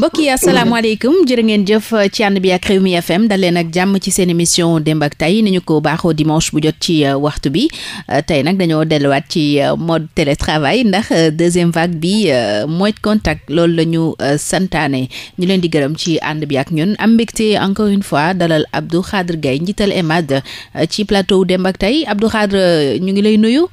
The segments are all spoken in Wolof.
mbokk yi asalaamaaleykum jërë ngeen jëf ci ànd bi ak mi FM dal leen ak jàmm ci seen émission démb ak tay ni ko baaxoo dimanche bu jot ci euh, waxtu bi euh, tey nag dañoo delluwaat ci euh, mode télétravail ndax deuxième vague bi mooy contact loolu la ñu santaane ñu leen di gërëm ci ànd bi ak ñun am mbégte encore une fois dalal Abdou Khadre Gaye njiital EMAD ci plateau démb ak tay Abdou Khadre ñu ngi lay nuyu.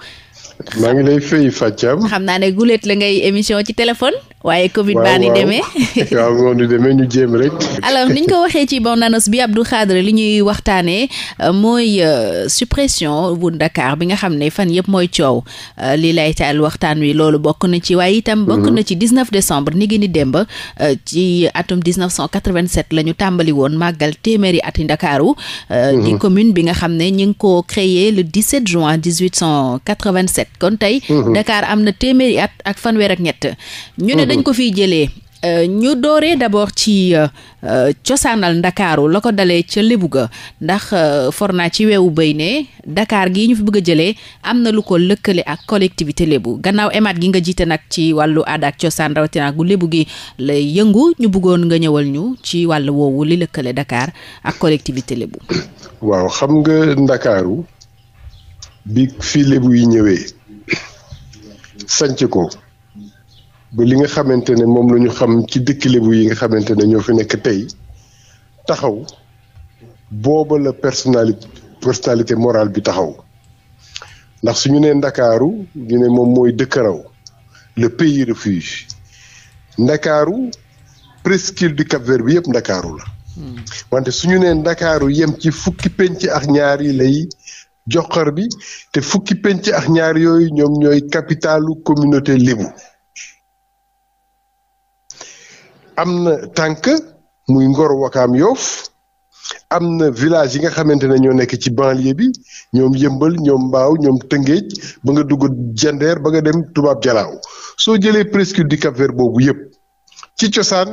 maa ngi lay fay Fatou xam naa ne guléet la ngay émission ci téléphone. waaye Covid baa ni demee waaw waaw ni ñu jéem rek. alors niñ ko waxee ci bande-annonce bi Abdou Khadre li ñuy waxtaanee euh, mooy euh, suppression bu ndakaar bi nga xam ne fan yëpp mooy coow euh, li lay taal waxtaan wi loolu bokk na ci waaye itam. bokk mhm. na ci 19 décembre ni ngi ni démb ci atum 1987 la ñu tàmbali woon màggal téeméeri at ati Ndakaaru. di mhm. commune bi nga xam ne ñu ngi ko créé le 17 juin 1887 kon tey. Mhm. Dakar am na téeméeri at ak fanweer ak ñett. dañ ko fi jëlee euh, ñu dooree d'abord ci euh, euh, cosaanal ndakaaru la ko dalee ca lébu ga ndax for naa ci weewu béy ne dakaar gii ñu fi bëgg a jëlee am na lu ko lëkkale ak collectivité lébu gannaaw emaat gi nga jiite nag ci wàllu aada ak cosaan rawatina gu lébu gi lay yëngu ñu buggoon nga ñëwal ñu ci wàll woowu li lëkkale Dakar ak collectivité lébu. waaw xam nga ndakaaru bi fi lébu yi ñëwee sanc ko. ba li nga xamante ne moom la ñu xam ci dëkk Lebu yi nga xamante ne ñoo fi nekk tey taxaw booba la personnalité personnalité morale bi taxaw ndax suñu ñu nee ndakaaru ñu ne moom mooy dëkkaraw le pays refuge ndakaaru presqu'île du Cap-Vert bi yëpp ndakaaru la hmm. wante su ñu nee ndakaaru yem ci fukki penc ak ñaar yi lay joxar bi te fukki penc ak ñaar yooyu ñoom ñooy capitalu communauté Lébu am na tànk muy Ngor Wakaam Yoff am na village yi nga xamante ne ñoo nekk ci banlieue bi ñoom yëmbal ñoom mbaaw ñoom tëngéej ba nga dugg jandeer ba nga dem tubaab jalaaw soo jëlee presqu'île du Cap-Vert boobu yëpp ci cosaan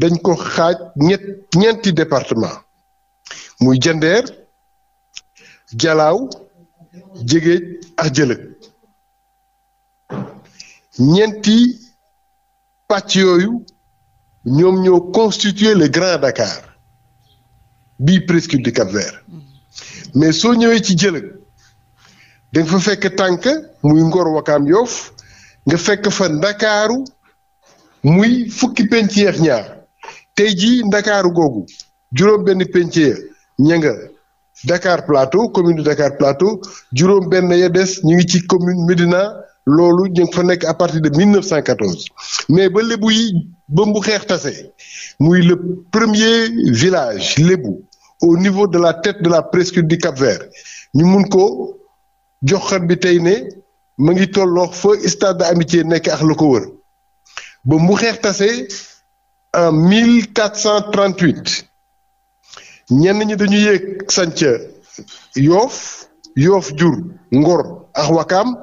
dañ ko xaaj ñett ñeenti département muy jandeer jalaaw jégéej ak jëlëg ñeenti pàcc yooyu ñoom ñoo constituer le Grand Dakar bi presqu'île du cap mais soo ñëwee ci jëlëg da nga fa fekk tànk muy Ngor Wakaam Yoof nga fekk fa ndakaaru muy fukki penceex ñaar tey jii ndakaaru googu juróom benn penceex ña nga Dakar Plateau commune de Dakar Plateau juróom benn ya des ñu ngi ci commune Médina loolu ñu ngi fa nekk à partir de 1914 mais ba lébu yi ba mu xeex tase muy le premier village lébu au niveau de la tête de la presqu'île du Cap-Vert ñu mun ko jox xar bi tey ne ma ngi tolloo fa stade de amitié nekk ak la ko wër ba mu xeex tase en 1438 ñenn ñi dañu yéeg sanca yoof yoof jur ngor ak wakaam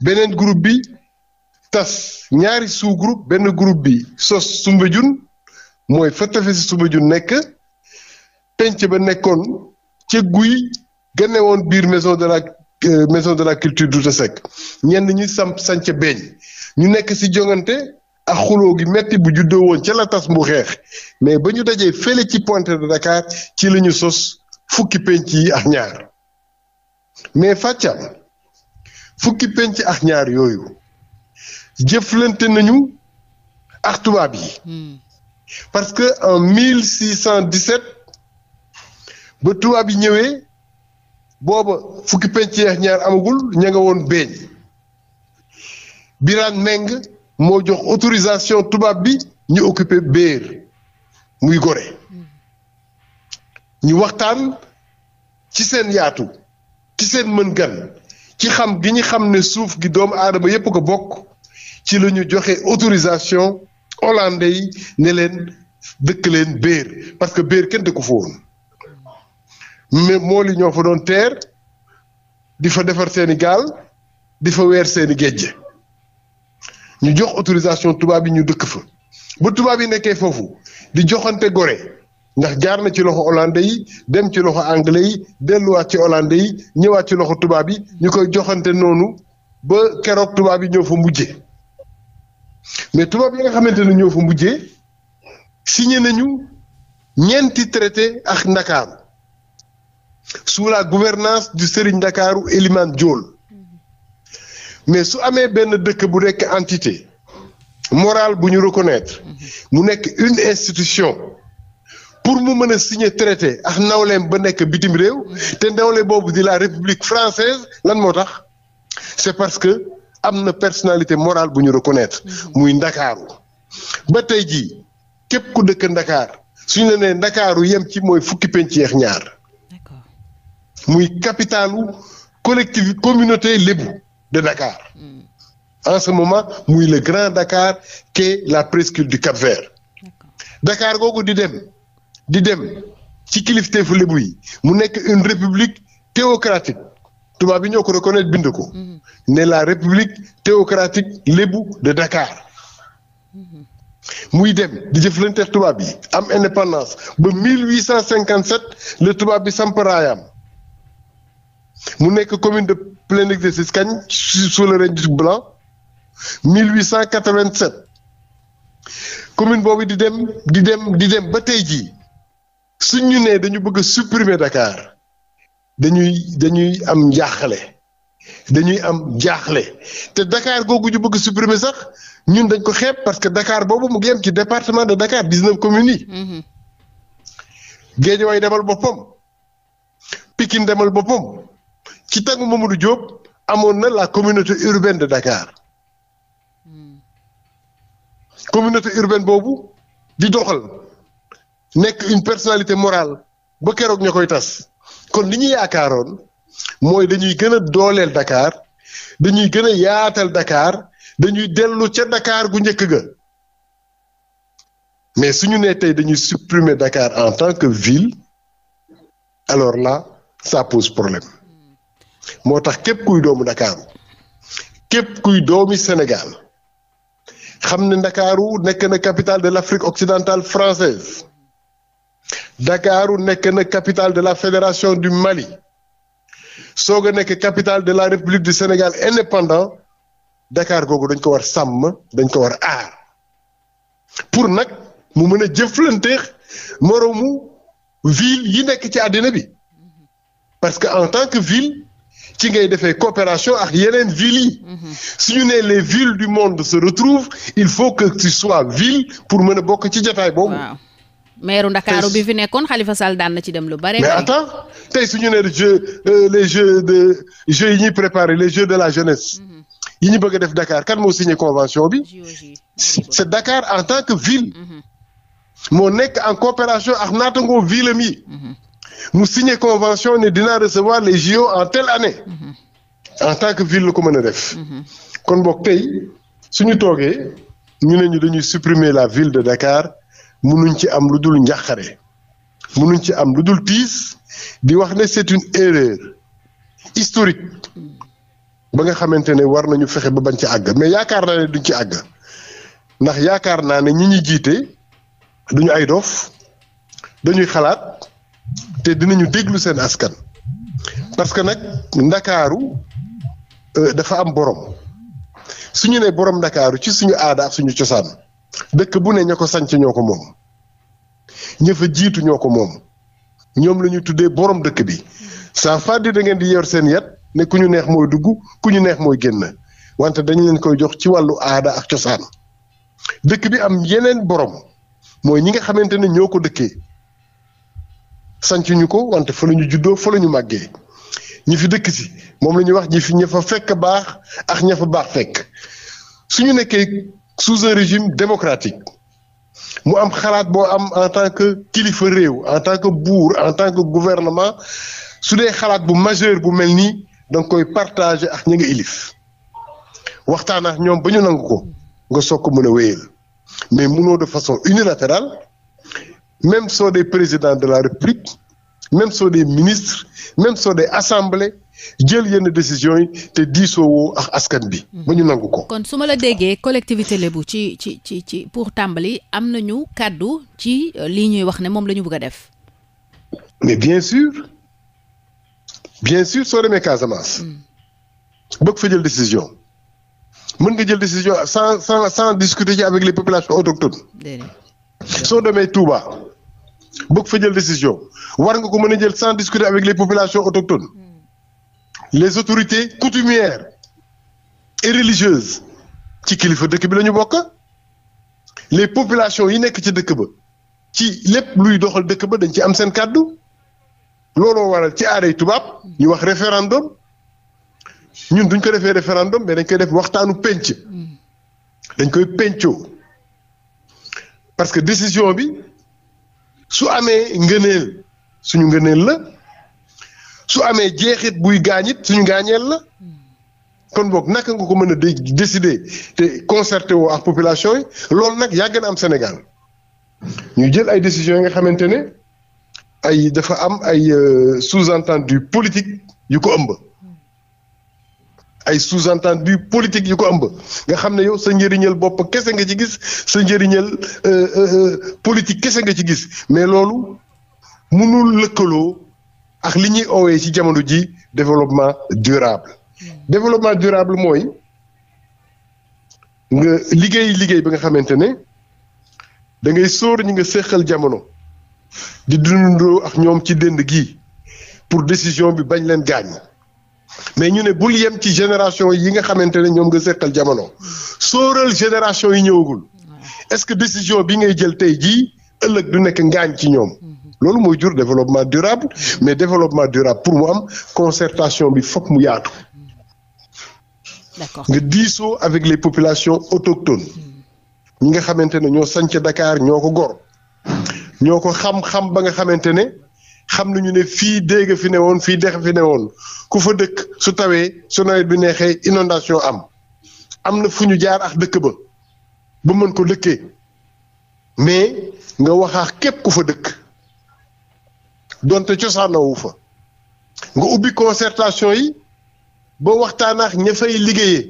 beneen groupe bi tas ñaari sous groupe benn groupe bi sos Soumbédioune mooy fa tefesi Soumbédioune nekk penc ba nekkoon ca guy gane woon biir maison de la euh, maison de la culture Douta Seck ñenn ñi samp sanc beeñ ñu nekk si jongante ak xuloo gi metti bu juddoo woon ca la tas bu xeex mais ba ñu dajee fële ci Pointe de Dakar ci la ñu sos fukki penc yi ak ñaar mais fàccam fukki penc ak ñaar yooyu jëflante nañu ak tubaab yi. Hmm. parce que en 1617 ba tubaab yi ñëwee booba fukki penc ak ñaar amagul ña nga woon beeñ Birane Meng moo jox autorisation tubaab bi ñu occuper béer muy gore hmm. ñu waxtaan ci seen yaatu ci seen mën gan. ci xam gi ñu xam ne suuf gi doomu aadama yépp ko bokk ci la ñu joxe autorisation hollandais yi ne leen dëkk leen béer parce que béer kenn dëkku fa woon mais mool yi ñoo fa doon teer di fa defar seeni gaal di fa weer seeni géej ñu jox autorisation tubaab yi ñu dëkk fa ba tubaab yi nekkee foofu di joxante gore ndax jaar na ci loxo hollandais yi dem ci loxo anglais yi delluwaat ci hollandais yi ñëwaat ci loxo tubaab yi ñu koy joxante noonu ba keroog tubaab yi ñëw fa mujjee mais tubaab yi nga xamante ne ñoo fa mujjee signé nañu ñeenti traité ak ndakaaru sous la gouvernance du Serigne ndakaaru Eliman Diol mais su amee benn dëkk bu nekk entité morale bu ñu reconnaître mu nekk une institution pour mu mën a signe traité ak nawleem ba nekk bitim réew te nawle boobu di la république française lan moo tax c'est parce que am na personnalité morale bu ñu reconnaître muy ndakaaru ba tey jii képp ku dëkk ndakaar suñu la nee ndakaaru yem ci mooy fukki penc yeex ñaar muy capitalu collectivité communauté lébu de Dakar mm. en ce moment muy le grand Dakar qui la presqu'île du Cap-Vert Dakar googu di dem di dem ci kilifteefu lébu yi mu nekk une république théocratique tubaab bi ñoo ko reconnaître bind ko mhm. ne la république théocratique lébu de Dakar muy dem di jëflante tubaab yi am indépendance ba 1857 le tubaab bi samp mu nekk commune de plein exercice kañ sous le règne du blanc 1887 commune boobu di dem di dem di dem ba tey jii suñ ñu nee dañu bëgg a supprimer Dakar dañuy dañuy am njaaxle dañuy am jaaxle te Dakar googu ñu bëgg supprimer sax ñun dañ ko xeeb parce que Dakar boobu mu ngi ci département de Dakar dix-neuf communes yi. Mm-hmm. Guédiawaye demal boppam pikin demal boppam ci tàngu Mamadou Diop amoon na la communauté urbaine de Dakar mm. communauté urbaine boobu di doxal. nekk une personalité morale ba keroog ña koy tas kon li ñu yaakaaroon mooy dañuy gën a dooleel Dakar dañuy gën a yaatal dakaar dañuy dellu ca Dakar gu njëkk ga mais suñu nee tey dañuy supprimer dakaar en tant que ville alors là ça pose problème moo tax képp kuy doomu Dakar képp kuy doomi Sénégal xam ne Ndakaaru nekk na capitale de l'Afrique occidentale française Dakaaru nekk na capitale de la fédération du Mali soog a nekk capitale de la république du Sénégal indépendant Dakar googu dañ ko war sàmm dañ ko war aar pour nag mu mën a jëflanteex moroomu ville yi nekk ci àddina bi parce que en tant que ville ci ngay defee coopération ak yeneen villes yi su ñu nee les villes du monde se retrouvent il faut que tu sois ville pour mën a bokk ci jotaay boobu. meeru Ndakaaru bi fi nekkoon Khalifa Sall daan na ci dem lu bare. mais attends tey su ñu nee jeu euh, les jeux de jeux yi ñuy préparé les jeux de la jeunesse. Mhm. yi ñu bëgg def dakaar kan moo signé convention bi. c'est Dakar en tant que ville. Mhm. moo nekk en coopération ak naatangoo ville mi mhm. mu signé convention ne dinaa recevoir les JO en telle année. en tant que ville la ko mën a def. kon boog tey ñu toogee ñu ne ñu dañuy supprimer la ville de Dakar. munuñ ci am lu dul njàqare munuñ ci am lu dul tiis di wax ne c'est une erreur historique ba nga xamante ne war nañu fexe ba bañ ci àgg mais yaakaar naa ne duñ ci àgg ndax yaakaar naa ne ñi ñuy jiite duñu ay dof dañuy xalaat te dinañu déglu seen askan parce que nag ndakaaru euh, dafa am borom suñu ne borom ndakaaru ci suñu aada ak suñu cosaan dëkk bu ne ña ko sanc ñoo ko moom ña fa jiitu ñoo ko moom ñoom la ñuy tuddee borom dëkk bi saa di da ngeen di yor seen yat ne ku ñu neex mooy dugg ku ñu neex mooy génn wante dañ leen koy jox ci wàllu aada ak cosaan dëkk bi am yeneen boroom mooy ñi nga xamante ne ñoo ko dëkkee sanc ñu ko wante fa lañu juddoo fa la ñu màggee ñi fi dëkk ci moom la ñuy wax ñi fi ña fa fekk baax ak ña fa baax fekk su ñu nekkee sous un régime démocratique mu am xalaat boo am en tant que kilifa réew en tant que buur en tant que gouvernement su xalaat bu majeur bu mel nii da nga koy partager ak ñi nga ilif waxtaan ak ñoom bañu nangu ko nga soog ko mën a mais munoo de façon unilatérale même soo dee président de la république même soo dee ministre même soo dee assemblée jël yenn décisions yi te diisoo ak askan bi. ba ñu nangu ko. kon su ma la déggee collectivité lébu ci ci ci ci pour tàmbali am na nañu kàddu ci euh, lii ñuy wax ne moom lañu ñu bëgg a def. mais bien sûr bien sûr soo demee Casamance. Hmm. bëgg fa jël décision. mën nga jël décision sans sans sans discuter ci avec les populations autochtones. soo demee Touba. bëgg fa jël décision war nga ko mën a jël sans discuter avec les populations autochtones hmm. les autorités coutumières et religieuses ci kilifa dëkk bi lañu ñu bokk les populations yi nekk ci dëkk ba ci lépp luy doxal dëkk ba dañ ci am seen kàddu looloo waral ci aaday tubaab ñu wax référendum ñun duñ ko defee référendum mais dañ koy def waxtaanu penc hmm. dañ koy pencoo parce que décision bi. su amee ngëneel suñu ngëneel la su amee jeexit guy gaañit suñu gaañeel la kon boog naka nga ko mën a décider te concerté woo ak population yi loolu nag yàgg na am Sénégal ñu jël ay décisions yi nga xamante ne ay dafa am ay euh, sous-entendu politique yu ko ëmb. ay sous-entendu politique yi ko ëmb nga xam ne yow sa njëriñal bopp kese nga ci gis sa njëriñal euh, euh, euh, politique kese nga ci gis mais loolu mënul lëkkaloo ak li ñuy oowee ci jamono ji développement durable développement durable mooy nga liggéey liggéey bi nga xamante ne da ngay sóor ñi nga séqal jamono di dundoo ak ñoom ci dënd gi pour décision bi bañ leen gaañ mais ñu ne bul yem ci génération yi nga xamante ne ñoom nga seqal jamono sóoral génération yi ñëwagul est-ce que décision bi ngay jël tey jii ëllëg du nekk ngaañ ci ñoom mm-hmm. loolu mooy jur développement durable mais développement durable pour mu am concertation bi fokk mu yaatu mm-hmm. d'accord nga diisoo avec les populations autochtones mm-hmm. ñi nga xamante ne ñoo sanc Dakar ñoo ko gor ñoo ko xam-xam ba nga xamante ne xam nañu ne fii dégg fi ne woon fii dex fi ne woon ku fa dëkk su tawee su nawet bi neexee inondation am am na fu ñu jaar ak dëkk ba ba mën ko dëkkee mais nga waxaax képp ku fa dëkk donte cosaanoowu fa nga ubbi concertation yi ba waxtaanaax ña fay liggéeyee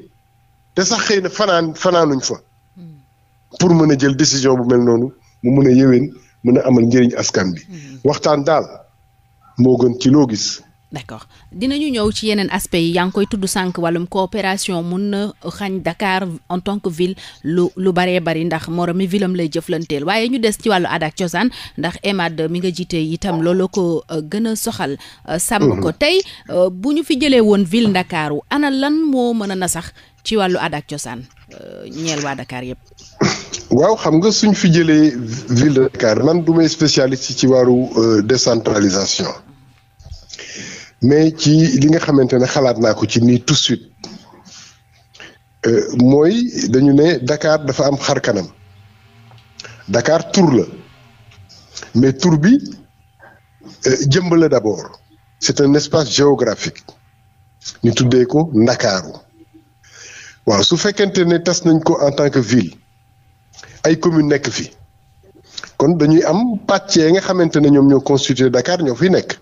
te sax xëy na fanaan fanaanuñ fa pour mën a jël décision bu mel noonu mu mën a yëwén mën a amal njëriñ askan bi hmm. waxtaan daal moo gën ci loo gis. d'accord dinañu ñëw ci yeneen aspect yi yaa ngi koy tudd sànq wàllum coopération mun na xañ dakaar en tant que ville lu lu baree bari ndax moromi villam lay jëflanteel waaye ñu des ci wàllu aada cosaan ndax EMAD mi nga jiite itam looloo ko euh, gën a soxal. Euh, sàmm ko mhm. tey euh, bu ñu fi jëlee woon ville ndakaaru ana lan moo mën a na sax ci wàllu aada ak cosaan ñeel waa Dakar yépp waaw xam nga suñ fi jëlee ville de Dakar man du may spécialiste ci wàllu décentralisation. mais ci li nga xamante ne xalaat naa ko ci nii tout de suite euh, mooy dañu ne dakaar dafa am xar kanam Dakar tur la mais tour bi euh, jëmb la d'abord c'est un espace géographique ñu tuddee ko Ndakaaru waaw su fekkente ne tas nañ ko en tant que ville ay commune nekk fi kon dañuy am pàcc yi nga xamante ne ñoom ñoo constitué Dakar ñoo fi nekk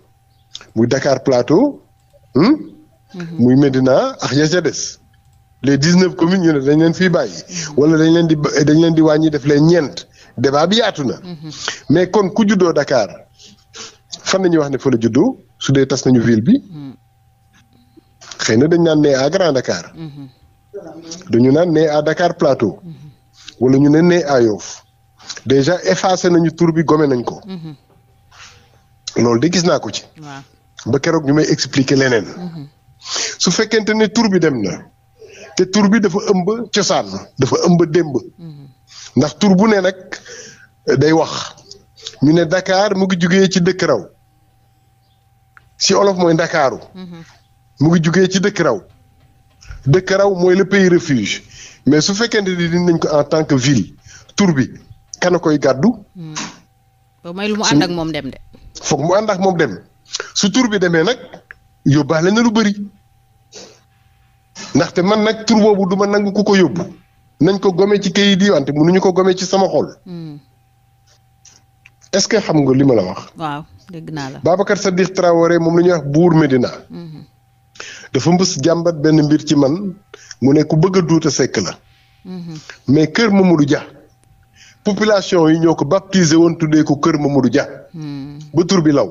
muy Dakar Plateau. Hmm? Mhm. muy Médina ak ya ca des. les dix neuf communes ñu dañ leen fiy bàyyi. Mhm. wala dañ leen di dañ leen di wàññi def leen ñeent débat bi yaatu na. Mhm. mais kon ku juddoo Dakar fan la wax ne fa la juddoo su dee tas nañu ville bi. xëy na dañ naan ne à Grand Dakar. dañu naan ne à Dakar Plateau. wala ñu ne ne à Yoff déjà effacé nañu tur bi gome nañ ko. loolu de gis naa ko ci. ba keroog ñu may expliquer leneen su fekkente ne tur bi dem na te tour bi dafa ëmb cosaan dafa ëmb démb ndax tur bu ne nag day wax ñu ne dakaar mu ngi jugee ci dëkk raw si olof mooy ndakaaru ngi jugee ci dëkk raw mooy le pays refuge mais su fekkente ni nañ ko en tant que ville tour bi kana koy gàddu. Hmm. ba may lu mu ànd ak moom dem de. foog mu ànd ak moom dem. su tur bi demee nag yóbbaale na lu bëri ndaxte man nag tur boobu du ma nangu ku ko yóbbu nañ ko gome ci kayit yi wante mënuñu ko gome ci sama xol. Hmm. est-ce que xam nga li ma la wax. waaw dégg naa la. Babacar Sadikh Traoré moom la ñuy wax buur Medina. Hmm. dafa mbës jàmbat benn mbir ci man mu ne ku bëgg a duuta sekk la. Hmm. mais kër Mamadou Dia. population yi ñoo ko baptisé woon tuddee ko kër Mamadou Dia. ba tur bi law.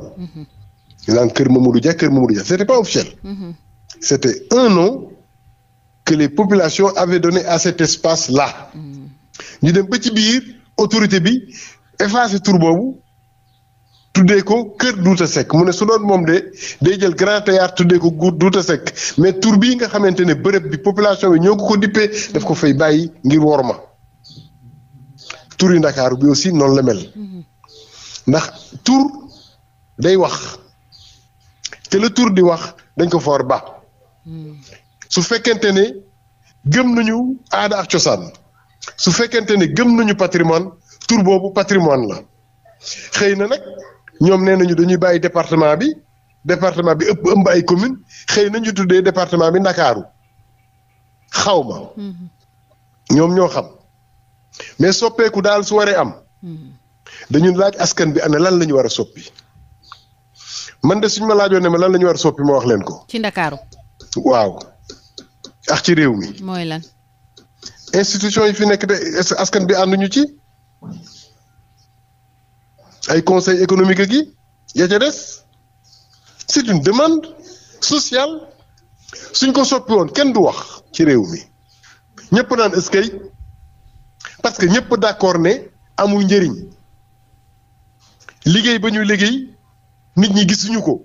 naan kër Mamadou Dia kër Mamadou Dia c'était pas officiel. Mhm. c'était un nom que les population avaient donné à cet espace là. Mhm. ñu dem ba ci biir autorité bi effacé tour boobu. tuddee ko kër du ta Seck mu ne su doon moom de day jël grand théâtre tuddee ko guur Douta Seck mais tur bii nga xamante ne bërëb bi population bi ñoo ko ko dippee def ko fay bàyyi ngir worma tur yu Ndakaaru bi aussi noonu la mel mhm. ndax tur day wax te le tour di wax dañ ko foor ba hmm. su fekkente ne gëm nañu aada ak cosaan su fekkente ne gëm nañu patrimoine tour boobu patrimoine la xëy na nag ñoom nee nañu dañuy bàyyi département bi département bi ëpp ëmb ay commune xëy na ñu tuddee département bi Ndakaaru xaw ma hmm. ñoom ñoo xam mais soppeeku daal su waree am hmm. dañu laaj askan bi ana lan la ñu war a soppi man de suñ ma laajoon ne ma lan la war soppi ma wax leen ko. ci Ndakaaru. waaw ak ci réew mi. mooy lan. institution yi fi nekk de askan bi ànduñu ci ay conseil économique ak yi ya ca des c'est une demande sociale suñ ko soppi woon kenn du wax ci réew mi ñëpp naan eskay parce que ñëpp d'accord ne amul njëriñ liggéey ba ñuy liggéey nit ñi gisuñu ko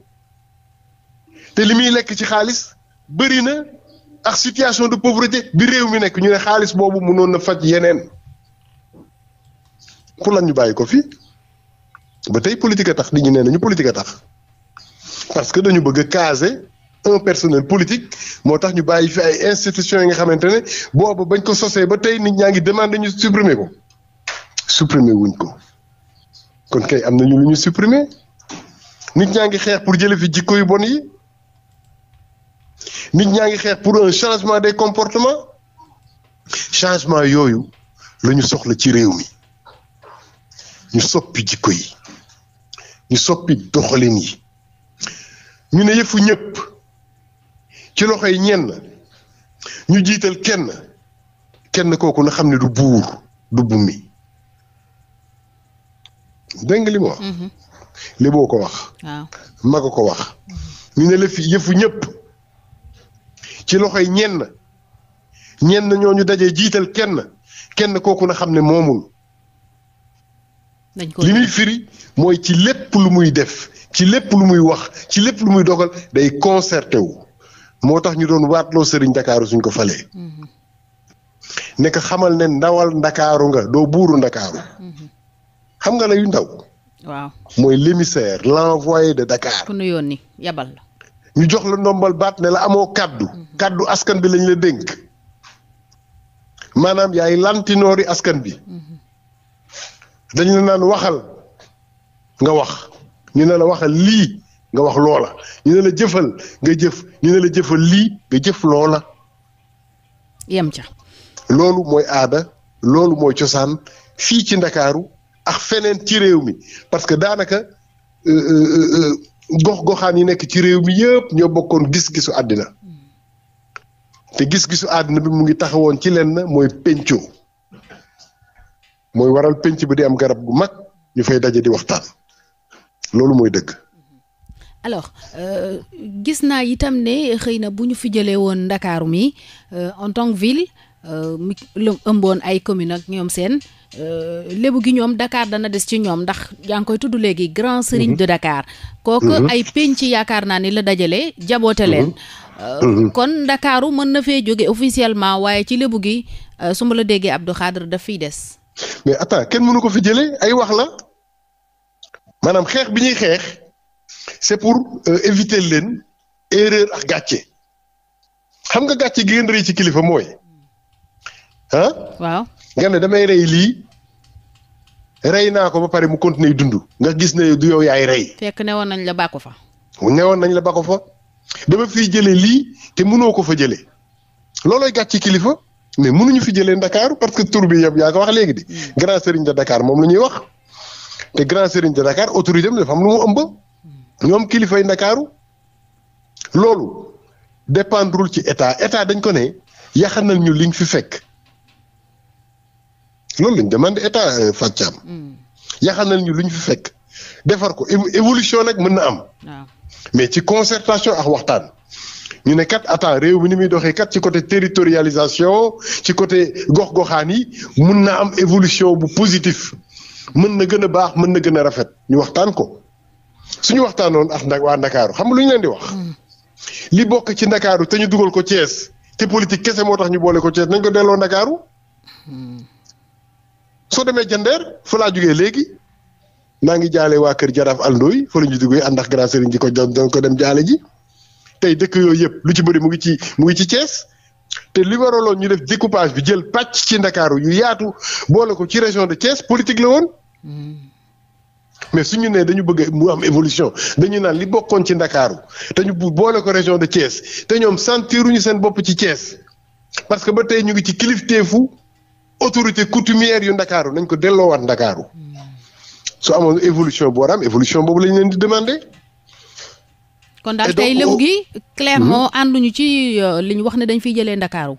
te li muy lekk ci xaalis bëri na ak situation de pauvreté bi réew mi nekk ñu ne xaalis boobu mënoon na faj yeneen pour lan ñu bàyyi ko fi ba tey politique a tax nit ñi nee nañu politique a tax parce que dañu bëgg a caser un personnel politique moo tax ñu bàyyi fi ay institutions yi nga xamante ne boobu bañ ko sosee ba tey nit ñaa ngi demandé ñu supprimer ko supprimer wuñ ko kon kay am nañu lu ñu supprimer. nit ñaa ngi xeex pour jële fi jikko yu bon yi nit ñaa ngi xeex pour changement des comportement changement yooyu la ñu soxla ci réew mi ñu soppi jikko yi ñu soppi doxalin yi ñu ne yëfu ñëpp ci loxo yi ñenn ñu jiital kenn kenn kooku na xam ne du buur du bumi dégg nga li léeboo ko wax. waaw maga ko wax. ñu ne la fi yëfu ñëpp ci loxo loxoy ñenn ñenn ñu daje jiital kenn kenn kooku na xam ne moomul. dañ ko li muy firi mooy ci lépp lu muy def ci lépp lu muy wax ci lépp lu muy dogal day concerté wu moo tax ñu doon waatloo sëriñ Ndakaaru suñ ko falee. Mm-hmm. nekk xamal ne ndawal ndakaaru nga doo buuru ndakaaru. Mm-hmm. xam nga la yu ndaw. mooy l'émissaire l'envoyé de Dakar. ku nu ñu jox la ndombal baat ne la amoo kàddu mhm. kàddu askan bi lañ la dénk maanaam yaay lantinoori askan bi mhm. dañ la naan waxal nga wax ñu ne la waxal lii nga wax loola ñu ne la jëfal nga jëf ñu ne la jëfal lii nga jëf loola. loolu mooy aada loolu mooy cosaan fii ci ndakaaru ak feneen ci réew mi parce que daanaka euh, euh, euh, gox-goxaan yi nekk ci réew mi yëpp ñoo bokkoon gis-gisu àddina te gis-gisu àddina bi mu ngi taxawoon ci lenn mooy pencoo mooy waral penc bi di am garab gu mag ñu fay daje di waxtaan loolu mooy dëgg. alors euh, gis naa itam ne xëy na bu ñu fi jëlee woon Ndakaaru mi euh, en tant que ville euh, mi ëmboon ay communes ak ñoom seen. Euh, lébu gi ñoom dakaar dana des ci ñoom ndax yaa ngi koy tudd léegi grand serigne mhm. de Dakar kooku mhm. ay penc yaakaar naa ni la dajale jaboote leen mhm. Euh, kon Ndakaaru mën na fee jóge officiellement waaye ci lébu gi euh, su ma la déggee Abdou Khadre daf fiy des mais attends kenn mënu ko fi jële ay wax la maanaam xeex bi ñuy xeex c'est pour éviter leen erreur ak gàcce xam nga gàcce gi gën rëy ci kilifa mooy ah waaw nga ne damay rey lii rey naa ko ba pare mu continuer dund nga gis ne du yow yaay rey. fekk newoon nañ la bàkku fa. newoon nañ la bàkku fa dama fiy jëlee lii te mënoo ko fa jële loolooy gàcc kilifa mais mënuñu fi jëlee ndakaaru parce que tour bi yëpp yaa ko wax léegi di hmm. grand serigne de Dakar moom la ñuy wax te grand serigne de Dakar autorité am dafa am lu mu ëmb hmm. ñoom kilifay Ndakaaru loolu dépendrul ci état état dañ ko ne yaxanal ñu liñ fi fekk. loolu lañ demande état euh, Fathiam. Hmm. yaxanal ñu lu ñu fi fekk defar ko évolution nag mën na am. Ah. mais ci concertation ak waxtaan. ñu ne kat attends réew mi ni muy doxee kat ci côté territorialisation ci côté gox-goxaan yi mun na am évolution bu positif mën na gën a baax mën na gën a rafet ñu waxtaan ko suñu waxtaanoon ak nag waa Ndakaaru xam nga lu leen di wax. Hmm. li bokk ci Ndakaaru te ñu dugal ko Thiès te politique kese moo tax ñu boole ko Thiès nañ ko delloo Ndakaaru. Hmm. soo demee jëndeer fa laa jugee léegi maa ngi jaale waa kër jaraaf Alndoy fa la ñu jugee ànd ak grand sëriñ ji ko doon ko dem jaale ji tey dëkk yooyu yëpp lu ci bëri mu ngi ci mu ngi ci Thiès te li waraloon ñu def découpage bi jël pàcc ci ndakaaru yu yaatu boole ko ci région de Thiès politique la woon mm. mais su ñu nee dañu bëgg mu am évolution dañu naan li bokkoon ci ndakaaru te ñu boole ko région de Thiès te ñoom sentiruñu seen bopp ci Thiès parce que ba tey ñu ngi ci kilifteefu autorité coutumière yu ndakaaru nañ ko delloo delloowaat ndakaaru su amoon évolution bu war évolution boobu lañ leen di demander. kon daal tey lébu gi clairement hmm. ànduñu ci euh, li ñu wax ne dañ fiy jëlee ndakaaru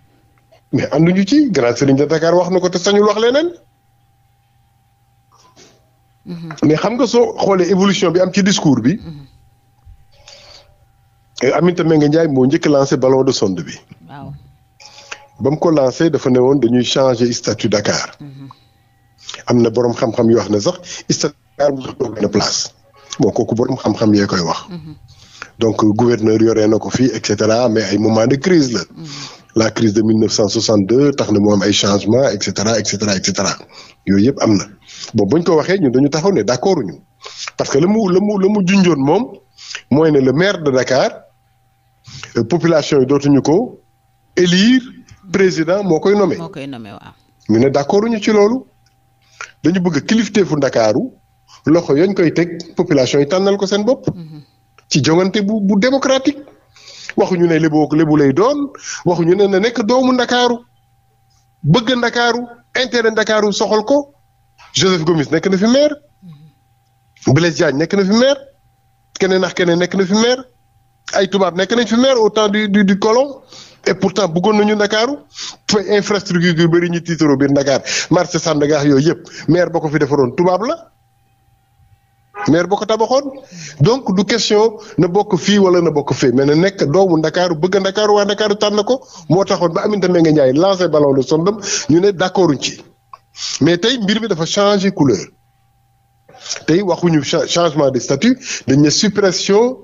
mais ànduñu ci grand sëriñ de Dakar wax na ko te sañul wax leneen. Hmm. mais xam nga soo xoolee évolution bi am ci discours bi. Hmm. Aminata Mbengue Ndiaye moo njëkk lancé ballon de sonde bi. waaw. ba ko lancé dafa ne woon dañuy changer statut Dakar am na boroom xam-xam yoo xam ne sax statut Dakar mu toog benn place bon kooku yee koy wax donc gouverneur yore na ko fii et cetera mais ay moment de crise la la crise de 1962 tax na mu am ay changement et cetera et cetera et cetera yooyu yëpp am na bon buñ ko waxee ñu dañu taxaw ne d' accord ñu parce que la mu la mu la mu junjoon moom mooy ne le maire de Dakar euh, population yi dootuñu ko élire. président moo koy nommé. moo koy nommé waaw. ñu ne d' accord ñu ci loolu dañu bëgg kilifteefu ndakaaru loxo yañ koy teg population yi tànnal ko seen bopp. Mhm. ci joŋante bu bu démocratique. waxuñu ne lébu lébu lay waxu ñu ne na nekk doomu ndakaaru bëgg ndakaaru intérêt ndakaaru soxal ko Joseph Gomis nekk na fi maire. Mhm. Blaise Diagne nekk na fi maire. keneen nax keneen nekk na fi maire. ay tubaab nekk nañ fi maire au temps du du du colon et pourtant buggoon nañu Ndakaaru fa infrastructure yu bëri ñu tiitaroo biir Ndakaar marché Sandaga yooyu yëpp maire ba ko fi defaroon tubaab la maire ba ko tabaxoon donc du question na bokk fii wala na bokk fii mais na nekk doomu Ndakaaru bëgg a Ndakaaru waa Ndakaaru tànn ko moo taxoon ba Aminata Mbengue Ndiaye lancé ballon de sondam ñu ne d'accorduñ ci mais tey mbir mi dafa changé couleur tey waxuñu changement de statut dañ ne suppression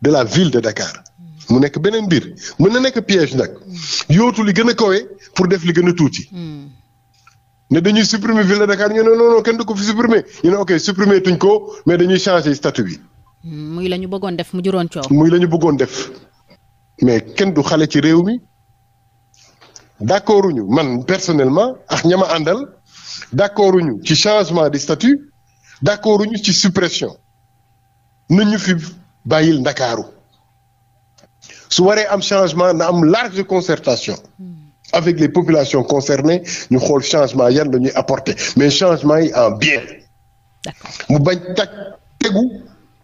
d la ville de Dakar mu nekk beneen mbir mën na nekk piège nag yootu li gën a kawe pour def li gën a tuuti. Hmm. ne dañuy supprimer ville de Dakar ñu ne non non kenn du ko fi supprimer ñu ne ok supprimer tuñ ko mais dañuy changer statut bi. Hmm, muy la ñu bëggoon def mu juróon coow. la ñu bëggoon def mais kenn du xale ci réew mi d'accord ñu man personnellement ak ñama àndal d'accord ñu ci changement di statut d'accord ñu ci suppression ñu fi bàyyil Ndakaaru. su waree am changement na am large concertation avec les populations concernées ñu xool changement yan la ñuy mais changement yi en bien mu bañ tag tegu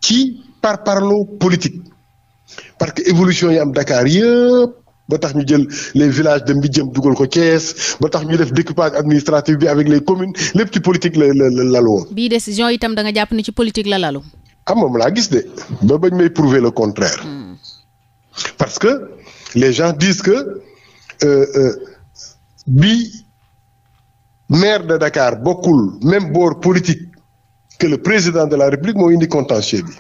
ci par par parlo politique parce que évolution yi am dakaar yëpp ba tax ñu jël les villages de Mbijëm dugal ko Thiès ba tax ñu def découpage administratif bi avec les communes lépp ci politique la la lalu woon. bii décision itam da nga jàpp ni ci politique la lalu. ah moom laa gis de ba bañ may prouver le contraire. Hmm. Parce que les gens disent que euh, euh bi maire de Dakar bokkul même bord politique que le président de la République moo indi contentieux bi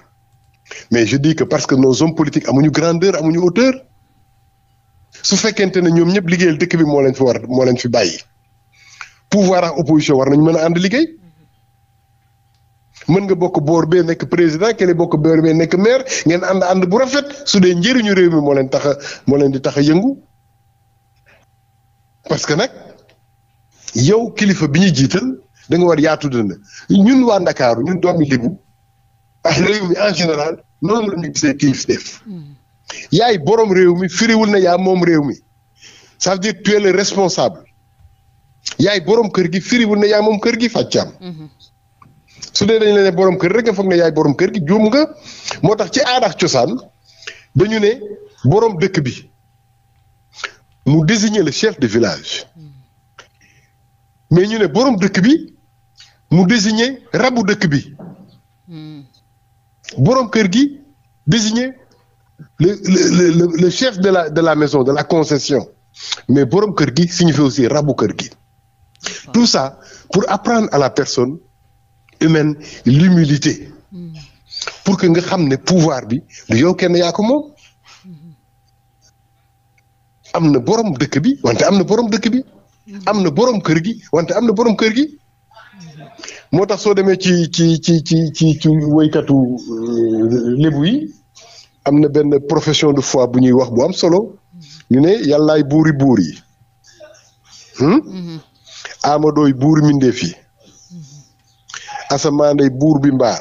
mais je dis que parce que nos hommes politiques amuñu grandeur amuñu hauteur su fekkente ne ñoom ñëpp liggéeyal dëkk bi moo lañ fi war moo leen fi bàyyi pouvoir ak opposition war nañu mën a ànd liggéey. mën nga bokk boor bee nekk président kele bokk boor bee nekk maire ngeen ànd ànd bu rafet su dee njëriñu réew mi moo leen tax a moo leen di tax a yëngu parce que nag yow kilifa bi ñu jiital da nga war yaatu dënn ñun waa Ndakaaru ñun doomi Lébu ak réew mi en général noonu la ñu gisee kilif def hmm. yaay borom réew mi firiwul na yaa moom réew mi ça veut tu es responsable yaay borom kër gi firiwul na yaa moom kër gi fàccaam su dee dañ la ne borom kër rek nga foog ne yaay borom kër gi juum nga moo tax ci aadax cosaan dañu ne borom dëkk bi mu désigner le chef de village mais ñu ne borom dëkk bi mu désigner rabu dëkk bi borom kër gi désigner le le le le chef de la de la maison de la concession mais borom kër gi signifie aussi rabu kër gi tout ça pour apprendre à la personne. humaine l'humilité hmm. pour que nga xam ne pouvoir bi du yow kenn yaa ko moom hmm. am na borom dëkk bi wante am na borom dëkk bi hmm. am na borom kër gi wante am na borom kër gi moo tax soo demee ci ci ci ci ci ci woykatu euh, lébu yi am na benn profession de fois bu ñuy wax bu am solo ñu ne yàllaay buuri buur yi amadooy buuri mindeef yi asamaanay buur bi mbaar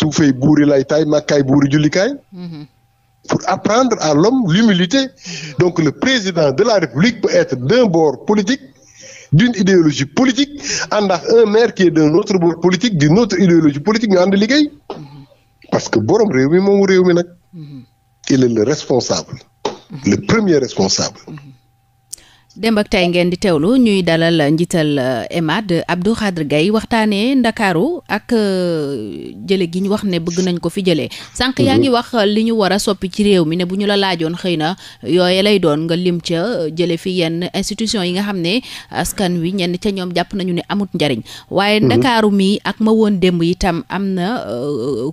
suufey buuri lay taay màkkaay buuri jullikaay pour apprendre à l'homme l'humilité donc le président de la République peut être d'un bord politique d'une idéologie politique ànd ak un maire qui est d'un autre bord politique d'une autre idéologie politique ñu ànd liggéey parce que borom réew mi moomu réew mi nag il est le responsable le premier responsable démb ak tey ngeen di teewlu ñuy dalal njital EMAD euh, Abdou Khadre Gaye waxtaanee ndakaaru ak euh, jële gi ñu wax ne bëgg nañ ko fi jëlee sànq yaa ngi mhm. wax euh, li ñu war a soppi ci réew mi ne bu ñu la laajoon xëy na yooye lay doon nga lim ca jële fi yenn institution yi nga xam ne skan wi ñenn ca ñoom jàpp nañu ni amut njariñ waaye mhm. ndakaaru mi ak ma woon démb itam am na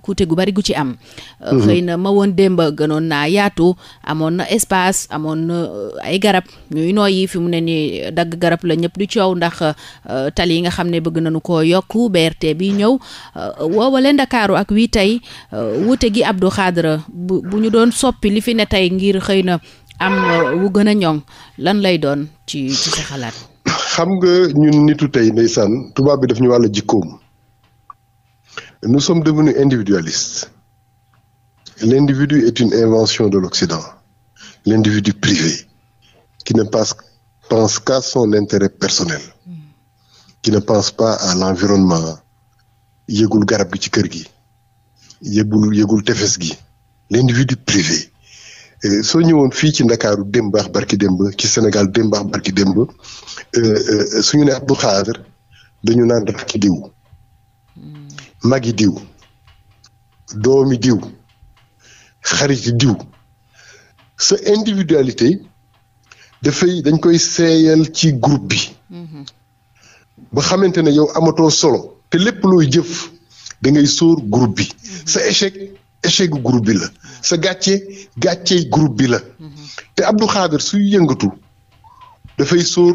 kuute gu bari gu ci am mhm. xëy na ma woon démb gënoon naa yaatu amoon na espace amoon na ay garab ñuy nooyi fi mu ne nii dagg garab la ñëpp di coow ndax euh, tali yi nga xam ne bëgg nañu koo yokku BRT bi ñëw euh, woowale Ndakaaru ak wii tey euh, wuute gi Abdou Khadre bu ñu doon soppi li fi ne tey ngir xëy na am wu gën a ñoŋ lan lay doon ci sa xalaat. xam nga ñun nitu tey ndeysaan tubaab bi daf ñu wàll jikkoom nous sommes devenus individualistes l'individu est une invention de l'Occident l'individu privé qui ne passe pense qu'à son intérêt personnel qui ne pense pas à l'environnement yëgul garab gi ci kër gi yëgul yëgul tefes gi l'individu privé soo ñëwoon fii ci ndakaaru démb baax barki démb ci Sénégal démb baax barki démb euh, euh, suñu ne Abdou dañu naan rakki diw magi diw doomi diw xariti diw sa individualité dafay dañ koy seeyal ci groupe bi. Mm-hmm. ba xamante ne yow amatoo solo te lépp looy jëf dangay ngay sóor groupe bi mm-hmm. sa échec échec groupe bi la sa gàcce gàcce groupe bi la mm-hmm. te Abdou Khader suy yëngatu dafay sóor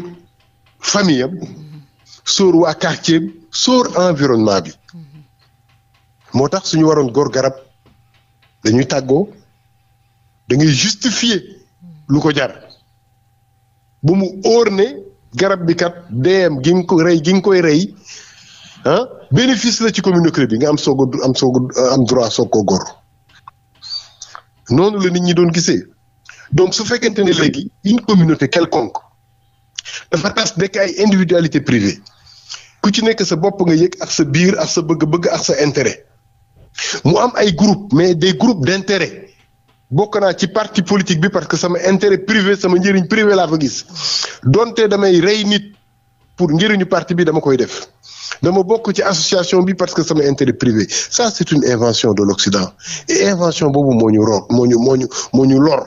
famille am waa quartier am sóor environnement bi moo tax suñu waroon góor garab dañuy tàggoo da ngay justifier lu ko jar. bu mu óor ne garab bi kat deem gi ko rey gi nga koy rey ah bénéfice la ci communauté bi nga am soog am soog am droit soo koo gor noonu la nit ñi doon gisee donc su fekkente ne léegi une communauté quelconque dafa tas nekk ay individualité privée ku ci nekk sa bopp nga yëg ak sa biir ak sa bëgg-bëgg ak sa intérêt mu am ay groupe mais des groupes d'intérêt bokk naa ci parti politique bi parce que sama intérêt privé sama njëriñ privé laa fa gis donte damay rey nit pour njëriñu parti bi dama koy def dama bokk ci association bi parce que sama intérêt privé ça c'est une invention de l'Occident et invention boobu moo ñu lor moo ñu moo ñu moo ñu lor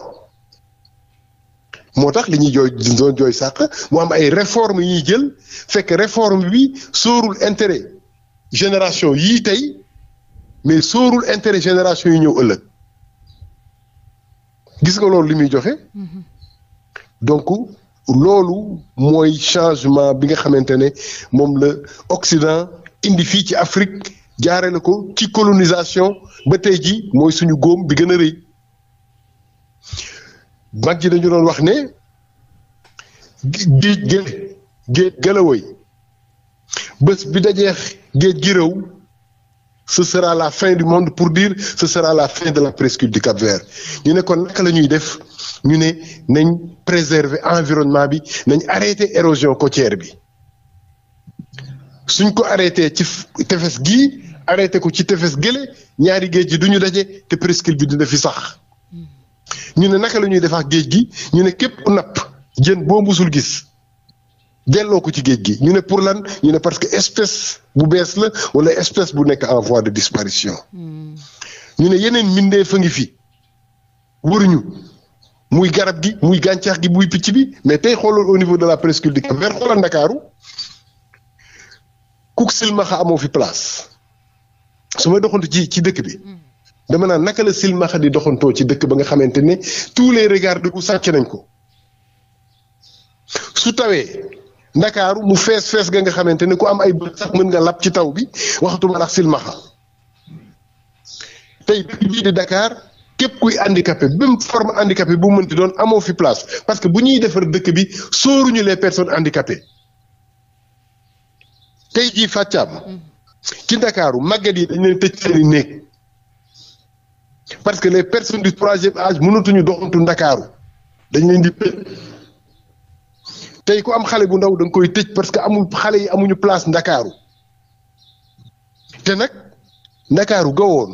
moo tax li ñuy jooy doon jooy sàq mu am ay réformes yi ñuy jël fekk réforme bi sóorul intérêt génération yii tey mais sóorul intérêt génération yi ñëw ëllëg gis nga loolu li muy joxe. donc loolu mooy changement bi nga xamante ne moom la Occident indi fii ci Afrique jaarale ko ci colonisation ba tey ji mooy suñu góom bi gën a rëy mag ji dañu doon wax ne géej géej géej gëlaway bi dajee géej gi rëw ce sera la fin du monde pour dire ce sera la fin de la presqu'île du Cap-Vert ñu ne kon naka la ñuy def ñu ne nañ préserver environnement bi nañ arrêter érosion côtière bi suñ ko arrêter ci tefes gi arrêter ko ci tefes gële ñaari géej gi du ñu daje te presqu'île bi dina fi sax ñu ne naka la ñuy def ak géej gi ñu ne képp ku napp jën boo musul gis delloo ko ci géej gi ñu ne pour lan ñu ne parce que espèce bu bees la wala espèce bu nekk en voie de disparition hmm. ñu ne yeneen mbindee fa ngi fi wëruñu muy garab gi muy gàncax gi buy picc bi mais tey xooloon au niveau de la presqu'île du Cap-Vert xoolal Ndakaaru kuk silmaxa amoo fi place su may doxantu ci ci dëkk bi hmm. dama naan naka la silmaxa di doxantoo ci dëkk ba nga xamante ne tous les regards du sàcc nañ ko su tawee ndakaaru mu fees fees ga nga xamante ne ku am ay bët sax mën nga lap ci taw bi waxatuma ndax silmaxa tey dëkk bii di dakaar képp kuy handicapé même forme handicapé bu mënti doon amoo fi place parce que bu ñuy defar dëkk bi sóoruñu les personne handicapées tey jii fàccaam ci ndakaaru màggat yi dañ leen tëj seeni néeg parce que les personnes du troisième âge mënatuñu doxantu ndakaaru dañ leen di tëj tey ku am xale bu ndaw da nga koy tëj parce que amul xale yi amuñu place ndakaaru te nag ndakaaru gawoon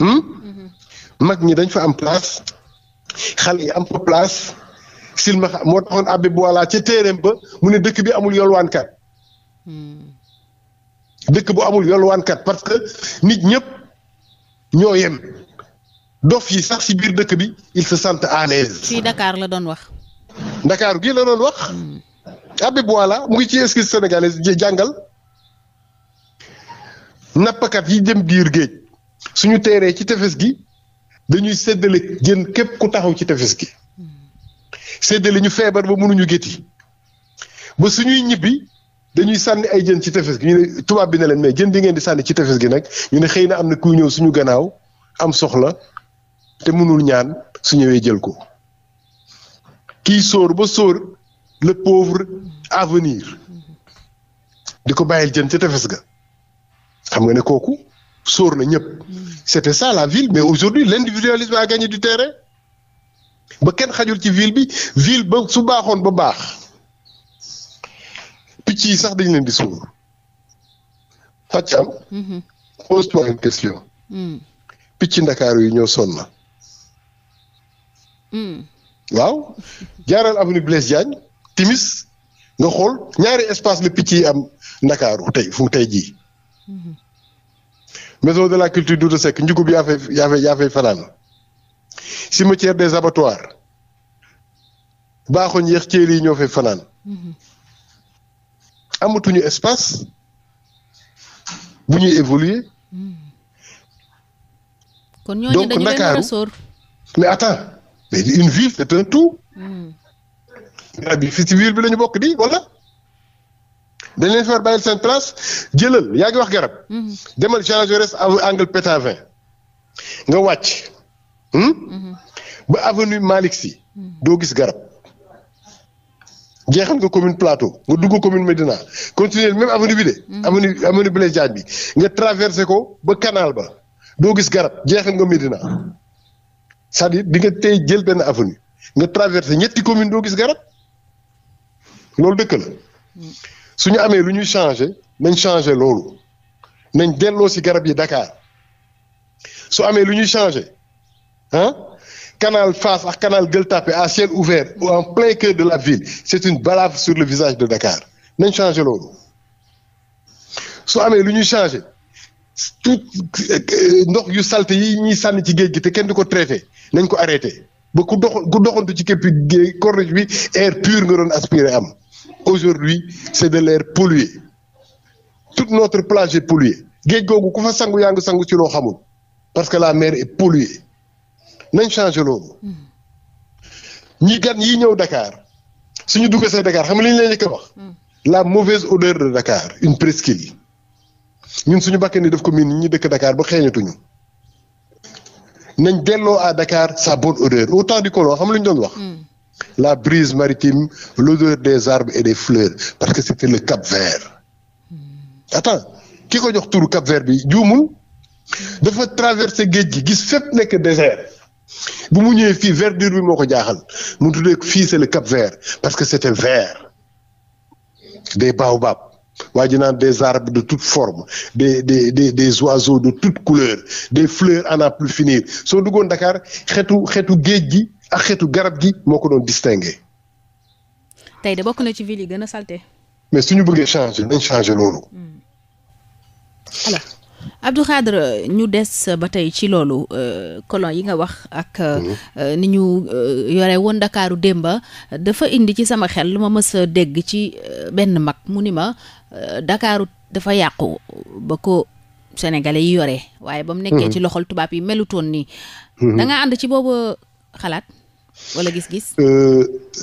hmm? mhm. mag ñi dañ fa am place xale yi am fa place silma moo taxoon abbi boilaa ca téeréem ba mu ne dëkk bi amul yolwaankat hmm. dëkk bu amul yolwaankat parce que nit ñëpp ñoo yem dof yi sax ci biir dëkk bi ils se sentent à l'aise. ci Dakar la doon wax. Ndakaaru gii la doon wax. Habib Wala mu ngi ci esquisse sénégalaise jàngal nappkat yi jëm giir géej suñu teeree ci tefes gi dañuy séddale jën képp ku taxaw ci tefes gi séddale ñu feebar ba mënuñu gétti ba suñuy ñibbi dañuy sànni ay jën ci tefes gi ñu ne tubaab bi ne leen mais jën di ngeen di sànni ci tefes gi nag ñu ne xëy na am na kuy ñëw suñu gannaaw am soxla te mënul ñaan su ñëwee jël ko. kii soor ba soor le pauvre avenir di ko bàyyil jën ca tefes ga xam nga ne kooku soor na ñëpp c'était ça la ville mais aujourd'hui l'individualisme a gagné di terrain ba kenn xajul ci ville bi ville ba su baaxoon ba baax picc yi sax dañ leen di sóor fàcc am mhm. pose question mhm. picc ndakaaru yi ñoo soon na mhm. waaw jaaral avenue Blaise Diagne timis nga xool ñaari espace la picc yi am ndakaaru tey fu tey jii mm-hmm. maison de la culture Doudou Seck njugub yaa fay yaa fay fanaan cimetière des abattoirs baaxoñ yeex céel yi ñoo fay fanaan mm-hmm. amatuñu espace bu ñuy évoluer mm-hmm. kon ñooñu dañu leen a mais une ville c'est un tout. Hmm. gaa bi fii ci ville bi lañu ñu bokk di wala. dañ leen seen place jëlal yaa ngi wax garab. Hmm. demal Jean Jaurès angle Pétavin nga wàcc. Hmm? ba avenue Malick Sy doo gis garab. jeexal nga commune Plateau nga dugg commune Médina continuer même avenue bi de. avenue avenue Blaise Diagne bi nga traversé ko ba canal ba doo gis garab jeexal nga Médina. c'est-à-dire nga tey jël benn avenue nga traversé ñetti commune doo gis garab loolu dëkk la su ñu amee lu ñuy changé nañ changé loolu nañ delloo si garab yi Dakar su amee lu ñuy changé ah canal Fass kanaal canal Gueule Tapée à ciel ouvert ou en plein cœur de la ville c'est une balafre sur le visage de Dakar nañ changé loolu su amee lu ñuy changé tout euh, ndox yu salte yi ñuy sànni ci géej gi te kenn du ko traité nañ ko arrêté ba ku dox ku doxantu ci képpi corniche bi air pur nga doon aspirer am aujourd'hui c'est de l'air pollué toute notre plage est polluée géej googu ku fa sangu yaa ngi sangu ci loo xamul parce que la mer et polluée nañ changé loolu hmm. ñi gan yi ñëw Dakar suñu duggee sa Dakar xam nga li ñu a wax hmm. la mauvaise odeur de Dakar une presqu'île ñun suñu bakkan ni daf ko miin ñi dëkk Dakar ba xeeñatuñu nañ delloo à Dakar sa bonne odeur au temps du xam lu ñu doon wax. Hmm. la brise maritime l'odeur des arbres et des fleurs parce que c'était le Cap Vert. Hmm. attends ki ko jox turu Cap Vert bi juumul dafa traversé géej gi gis fépp nekk désert bu mu ñëwee fii verdure bi moo ko jaaxal mu tuddee fii c'est le Cap Vert parce que c'était vert des baobabs. waa ji naan des arbres de toutes formes des des des des oiseaux de toutes couleurs des fleurs à plus finir soo duggoon Dakar xeetu xeetu géej gi ak xeetu garab gi moo ko doon distingué. tey de bokk na ci ville yi gën a salte. mais suñu bëggee changer nañ changer loolu. Hmm. alors Abdou ñu des ba tey ci loolu euh, colon yi nga wax ak. Euh, hmm. euh, ni ñu yore woon Ndakaaru démba dafa indi ci sama xel lu ma mës dégg ci benn mag mu ni ma. Euh, Dakaaru dafa yàqu ba ko sénégalais yi yore waaye ba mu nekkee mhm. ci loxol tubaab yi melutoon nii mhm. da nga ànd ci boobu xalaat wala gis-gis euh,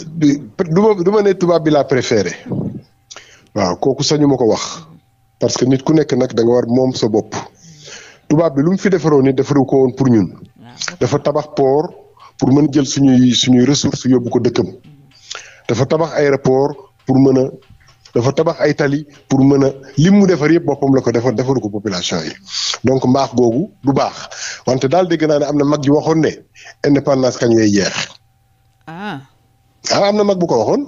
du ma du ma ne tubaab bi laa préféré waaw kooku sañu ma ko wax parce que nit ku nekk nag da war moom sa bopp tubaab bi lu mu fi defaroon ni defaru ko woon pour ñun dafa tabax port pour mën jël suñuy suñuy ressources yóbbu ko dëkkam mhm. dafa tabax aéroport pour mën dafa tabax ay tali pour mën a lim mu defar yëpp boppam la ko defar defaru ko population yi donc mbaax googu du baax wante daal dégg naa ne am na mag ji waxoon ne indépendance kañ lay jeex. ah. ah am na mag bu ko waxoon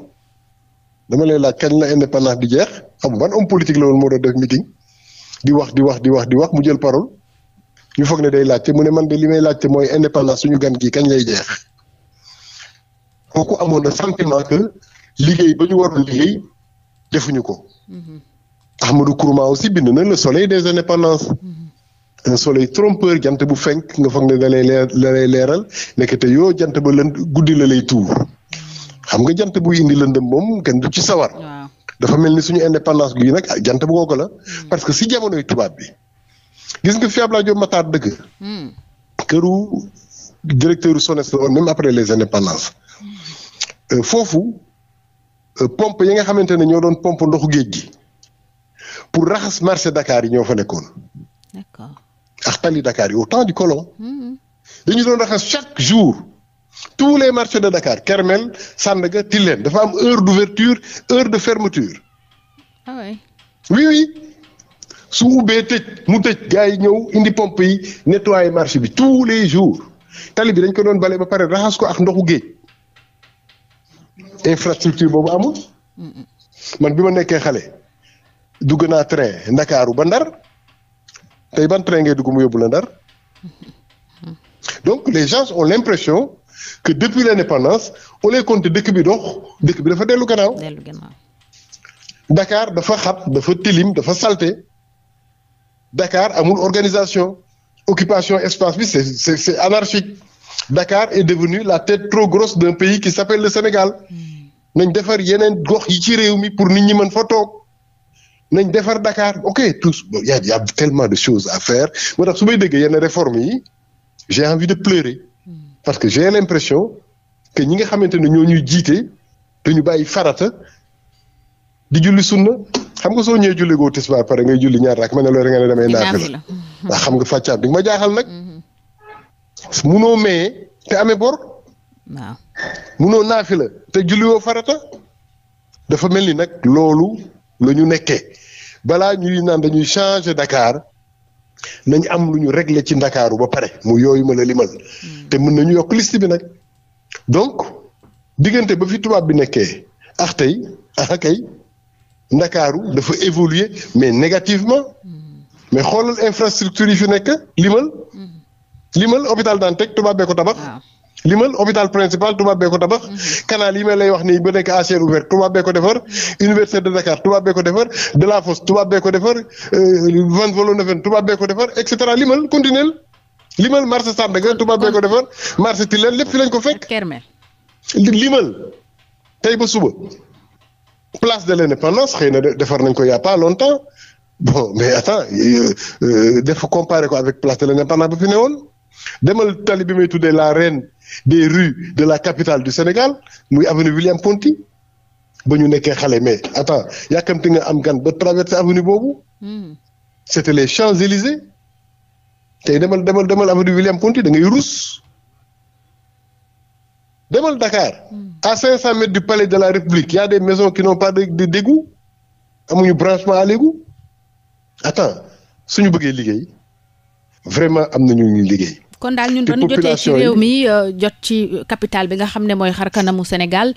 dama lay laaj kañ la indépendance di jeex xam ban homme politique la woon moo doon def meeting di wax di wax di wax di wax mu jël parool ñu foog ne day laajte mu ne man de li may laajte mooy indépendance suñu gan gii kañ lay jeex kooku amoon na sentiment que liggéey ba ñu waroon liggéey. defuñu ko. Ahmadou Kourouma aussi bind na la soleil des indépendances. un soleil trompeur jant bu fenk nga foog ne da lay leeral nekkate yoo jant ba lënd guddi la lay tuur xam nga jant buy indi lëndëm moom kenn du ci sawar. dafa mel ni suñu indépendance bii nag jant bu kooku la. parce que si jamonoy tubaab bi. gis nga fi Abdoulaye Diop Matar dëkk. Hmm. këru directeur SONES la woon même après les indépendances. Euh, foofu Euh, pompe yi nga xamante ne ñoo doon pompe ndoxu géej gi pour raxas marché Dakar yi ñoo fa nekkoon. d'accord ak tali Dakar yi au temps du colon. Mm-hmm. dañu doon raxas chaque jour tous les marchés de Dakar Kermel Sandaga Tilène dafa am heure d'ouverture heure de fermeture. ah oui su ubbee tëj mu tëj gars yi ñëw indi pompe yi nettoyer marché bi tous les jours tali bi dañ ko doon bale ba pare raxas ko ak ndoxu géej. infrastructure boobu amul. man bi ma nekkee xale. dugg naa train ndakaaru ba ndar tey ban train ngay dugg mu yóbbu la ndar donc les gens ont l'impression que depuis l'indépendance au lieu compte dëkk bi dox dëkk bi dafa dellu gannaaw. dellu dafa xat dafa tilim dafa salté Dakar amul organisation occupation espace bi c'est c'est c'est anarchique Dakar est devenue la tête trop grosse d'un pays qui s'appelle le Sénégal. Mm. nañ defar yeneen gox yi réew mi pour nit ñi mën fa toog nañ defar Dakar ok tous bon y de choses à faire moo tax su may déggee yenn réformes yi j'ai envie de pleurer hmm. parce que j'ai l'impression que ñi nga xamante ne ñoo ñuy jiite te ñu bàyyi farata di julli na xam nga soo ñëwee julli goo tisbaar pare ngay julli ñaar raak ma ne loolu nga ne damay naafi la ndax xam nga fàccaam di nga ma jaaxal nag hmm. munoo mayee te amee bor munoo naafi la te julliwoo farata dafa mel ni nag loolu la ñu nekkee balaa ñu ñuy naan dañuy changer dakaar nañ am lu ñu régler ci Ndakaaru ba pare mu yooyu ma la limal. Hmm. te mën nañu yokk liste bi nag. donc diggante ba fi tubaab bi nekkee ax ah tey ah Ndakaaru dafa évoluer mais négativement hmm. mais xoolal infrastructure yi fi nekk limal hmm. limal hôpital Dantec tubaab bee ko tabax. li man hôpital principal tubaab bee ko tabax mhm. canal yi ma lay wax ni ba nekk à ciel ouvert tubaab bee ko defar mhm. université de Dakar tubaab bee ko defar de la Fosse tubaab bee ko defar euh, Van Vollenhoven tubaab bee ko defar et cetera li mal continué li mal marché Sandaga tubaab bee ko ah. defar marché Tilène lépp fi lañ ko fekk li mal tey ba suba place de l'indépendance xëy na defar nañ ko y a pas longtemps bon mais attends euh, def comparé ko avec place de l'indépendance ba fi newoon demal tali bi may tuddee la reine des rues de la capitale du Sénégal muy avenue William ponti ba ñu nekkee xale mais attends yàkkamti nga am gan ba traversé avenue boobu. Hmm. c'était les Champs-Élysées tey demal demal demal avenue William Ponty da ngay rus demal Dakar. Hmm. à 500 mètres du palais de la République y a des maisons qui n'ont pas de de d'égout amuñu branchement à l'égout attends suñu bëggee liggéey vraiment am na ñu ñuy liggéey. kon daal ñun ba ñu jotee ci réew mi euh, jot ci capital bi nga xam ne mooy xar kanamu Sénégal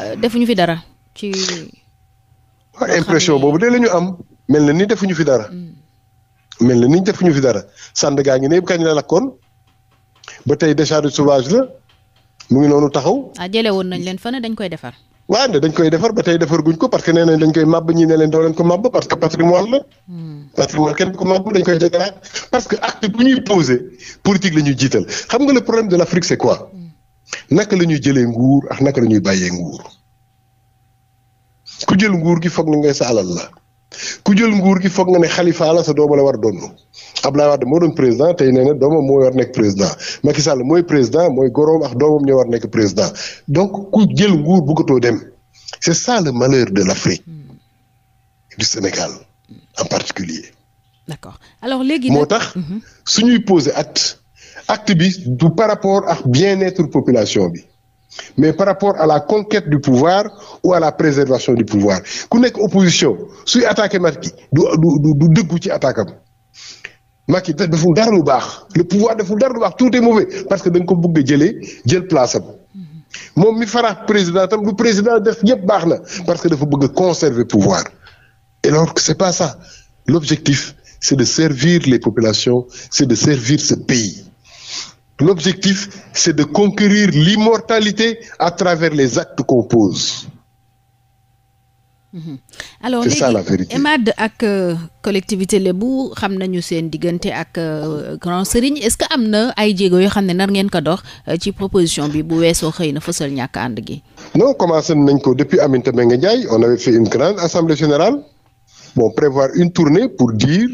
euh, defuñu fi dara ci. waaw ah, impression boobu de la ñu am mel na ni defuñu fi dara. Mm. mel na ni defuñu fi dara Sandaga ngi ne kañ la lakkoon ba tey décharge sauvage la mu ngi noonu taxaw. ah jëlee woon nañ leen fan dañ koy defar. waaw dañ koy defar ba tey defar guñ ko parce que nee nañ dañ koy màbb ñi ne leen doo leen ko màbb parce que patrimoine hmm. patrimoine kenn du ko màbb dañ koy dégrade parce que acte bu ñuy posé politique la ñuy jiital xam nga le problème de l' Afrique quoi hmm. naka la ñuy jëlee nguur ak naka la ñuy bàyyee nguur ku jël nguur gi foog na ngay saalal la. ku jël nguur gi foog nga ne xalifa la sa doom la war doon Abdoulaye Wade moo doon président tey nee na doomam moo war nekk président Macky Sall mooy président mooy goroom ak doomam ñoo war nekk président donc ku jël nguur bëggatoo dem c'est ça malheur de l'Afrique mm. du Sénégal en particulier d'accord alors moo tax mhm. suñuy poser acte acte bi du par rapport ak bien-être population bi mais par rapport à la conquête du pouvoir ou à la préservation du pouvoir ku nekk opposition suy attaqué Macky du du du dëggu ci attaquam Macky deful dara lu baax le pouvoir deful dara lu baax tout est mauvais parce que da nga ko bëgg a jëlee jël place am moom mi farax président tam lu président def yëpp baax na parce que dafa bëgg a conserver pouvoir et alors que c'est pas ça l'objectif c'est de servir les populations c'est de servir ce pays L'objectif, c'est de conquérir l'immortalité à travers les actes qu'on pose. Mhm. alors léegi EMAD ak euh, collectivité Lébu xam nañu seen diggante ak euh, Grand Serigne est-ce que am na ay jéego yoo xam ne nar ngeen ko dox euh, ci proposition bi bu weesoo xëy na fësal ñàkk ànd gi. non commencé nañ ko depuis Aminata Mbengue Ndiaye on avait fait une grande assemblée générale bon prévoir une tournée pour dire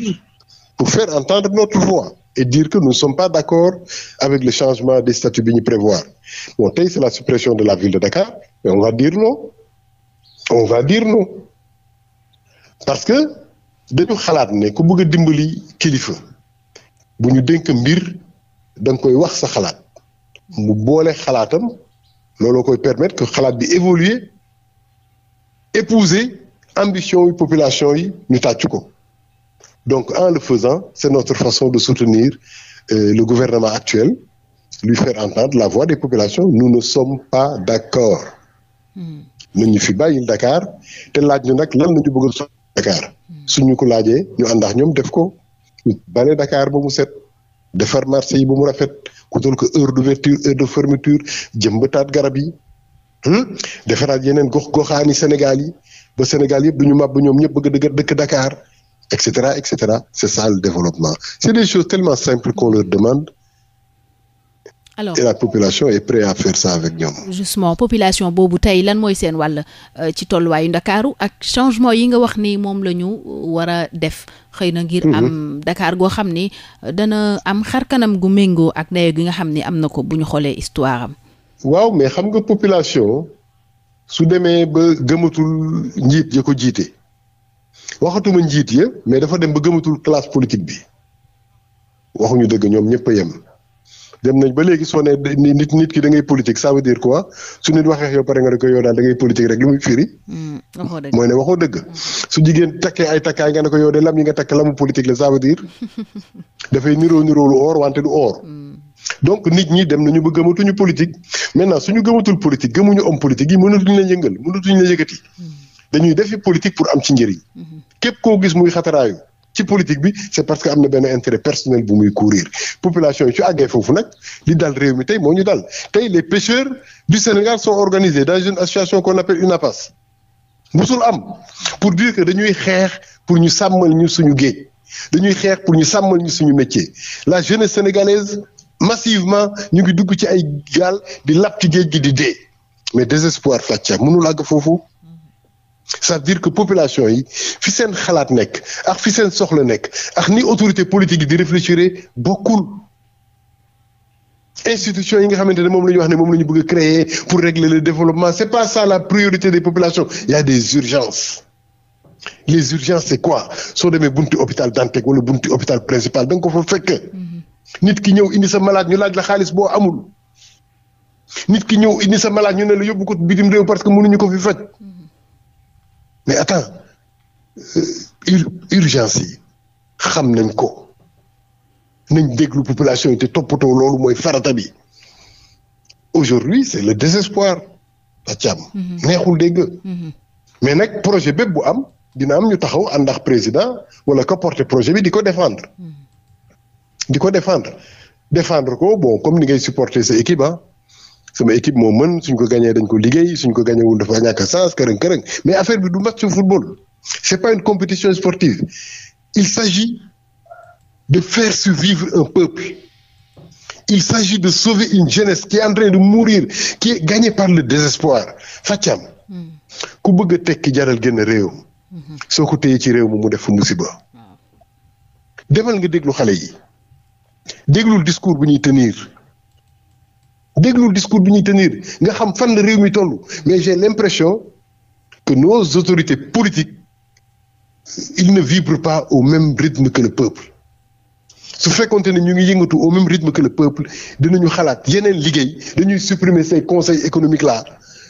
pour faire entendre notre voix. et dire que nous ne sommes pas d'accord avec le changement de statuts bi ñu prévoir bon tey c'est la suppression de la ville de Dakar mais on va dire non on va dire non parce que dañu xalaat ne ku bëgg dimbali kilifa bu ñu dénk mbir danga koy wax sa xalaat mu boole xalaatam looloo koy permettre que xalaat bi évoluer épouser ambition yi population yi ñu tàcc ko Donc, en le faisant, c'est notre façon de soutenir euh, le gouvernement actuel, lui faire entendre la voix des populations. Nous ne sommes pas d'accord. Hmm. ñu fi bàyyil Dakar te laaj ñu nag lan la ñu bëgg a Dakar hmm. suñu ko laajee ñu ànd ak ñoom def ko ñu bale Dakar ba mu set defar marché yi ba mu rafet kutal ko heure d'ouverture heure de fermeture jëmbataat garab yi hmm, defaraat yeneen gox goxaani Sénégal yi ba Sénégal yëpp du ñu màbb ñoom ñëpp bëgg a dëkk Dakar etc., etc. C'est ça le développement. C'est des choses tellement simples qu'on leur demande. Alors, et la population est prête à faire ça avec ñoom. justement population boobu tey lan mooy seen wàll euh, ci tolluwaayu Ndakaaru ak changement yi nga wax ni moom la ñu war a def. xëy na ngir am ndakaar mhm. goo xam ni euh, dana am kanam gu méngoo ak dayo gi nga xam ni am na ko bu ñu xoolee histoire am. waaw mais xam nga population su demee ba gëmatul njiit ya ko jiite. waxatuma njiit yi mais dafa dem ba gëmatul classe politique bi waxuñu dëgg ñoom ñëpp a yem dem nañ ba léegi soo ne nit nit ki da ngay politique ça veut dire su nit waxee yow pare nga ne ko yow daal da ngay politique rek li muy firi. Hmm, mooy ne waxoo dëgg. su jigéen takkee ay takkaay nga ne ko yow de lam nga takk lamu politique la ça veut dire dafay niroo niroo lu or wante du or. Hmm. donc nit ñi dem nañu ba gëmatuñu politique maintenant suñu gëmatul politique gëmuñu homme politique yi mënatuñ la yëngal mënatuñ la yëkkati hmm. dañuy defi politique pour am ci njëriñ. képp koo gis muy xataraayu ci politique bi c'est parce que am na benn intérêt personnel bu muy courir population yi su àggee foofu nag li dal réew mi tey moo ñu dal tey les pêcheurs du Sénégal sont organisés dans une association qu'on appelle UNAPAS musul am pour dire que dañuy xeex pour ñu sàmmal ñu suñu géej dañuy xeex pour ñu sàmmal ñu suñu métier la jeunesse sénégalaise massivement ñu ngi dugg ci ay gaal di lap ci géej gi di dee mais désespoir fàcca mënul àgg foofu c'est-à-dire que population yi fi seen xalaat nekk ak fi seen soxla nekk ak ni autorité politique yi di réfléchir bokkul institution yi nga xamante ne moom la ñu wax ne moom la ñu bëgg a créer pour régler le développement c'est pas ça la priorité des populations il y a des urgences les urgences c'est quoi soo demee bunti hôpital Dantec wala bunti ko fa fekk mm-hmm. nit ki ñëw indi sa malade ñu laaj la xaalis boo amul nit ki ñëw indi sa malade ñu ne la yóbbu ko bitim réew parce que mënuñu mais attends euh, ur urgence xam nañ ko nañ déglu population yi te toppatoo loolu mooy farata bi aujourd'hui c'est le désespoir la càmm mhm. neexul dégg mhm. mais nag projet bépp bu am dina am ñu taxaw ànd ak président wala ka porter projet bi di ko défendre mhm. di ko défendre défendre ko bon comme ni ngay supporter sa équipe sama équipe moo mën suñ ko gagné dañ ko liggéey suñ ko gagné wul dafa ñàkk sens kërëng kërëng mais affaire bi du match football c'est pas une compétition sportive il s'agit de faire survivre un peuple il s'agit de sauver une jeunesse qui est de mourir qui est par le désespoir Fathia hmm. ku bëgg a tekki jaral génn réew hmm. soo ko téye ci réew mi mu def fa musiba hmm. demal nga déglu xale yi déglul discours bu ñuy tenir déglu discours bi ñu tenir nga xam fan la réew mi toll mais j'ai l'impression que nos autorités politiques ils ne vibrent pas au même rythme que le peuple su fekkonte ne ñu ngi yëngatu au même rythme que le peuple dinañu xalaat yeneen liggéey dañuy supprimer ces conseils économiques la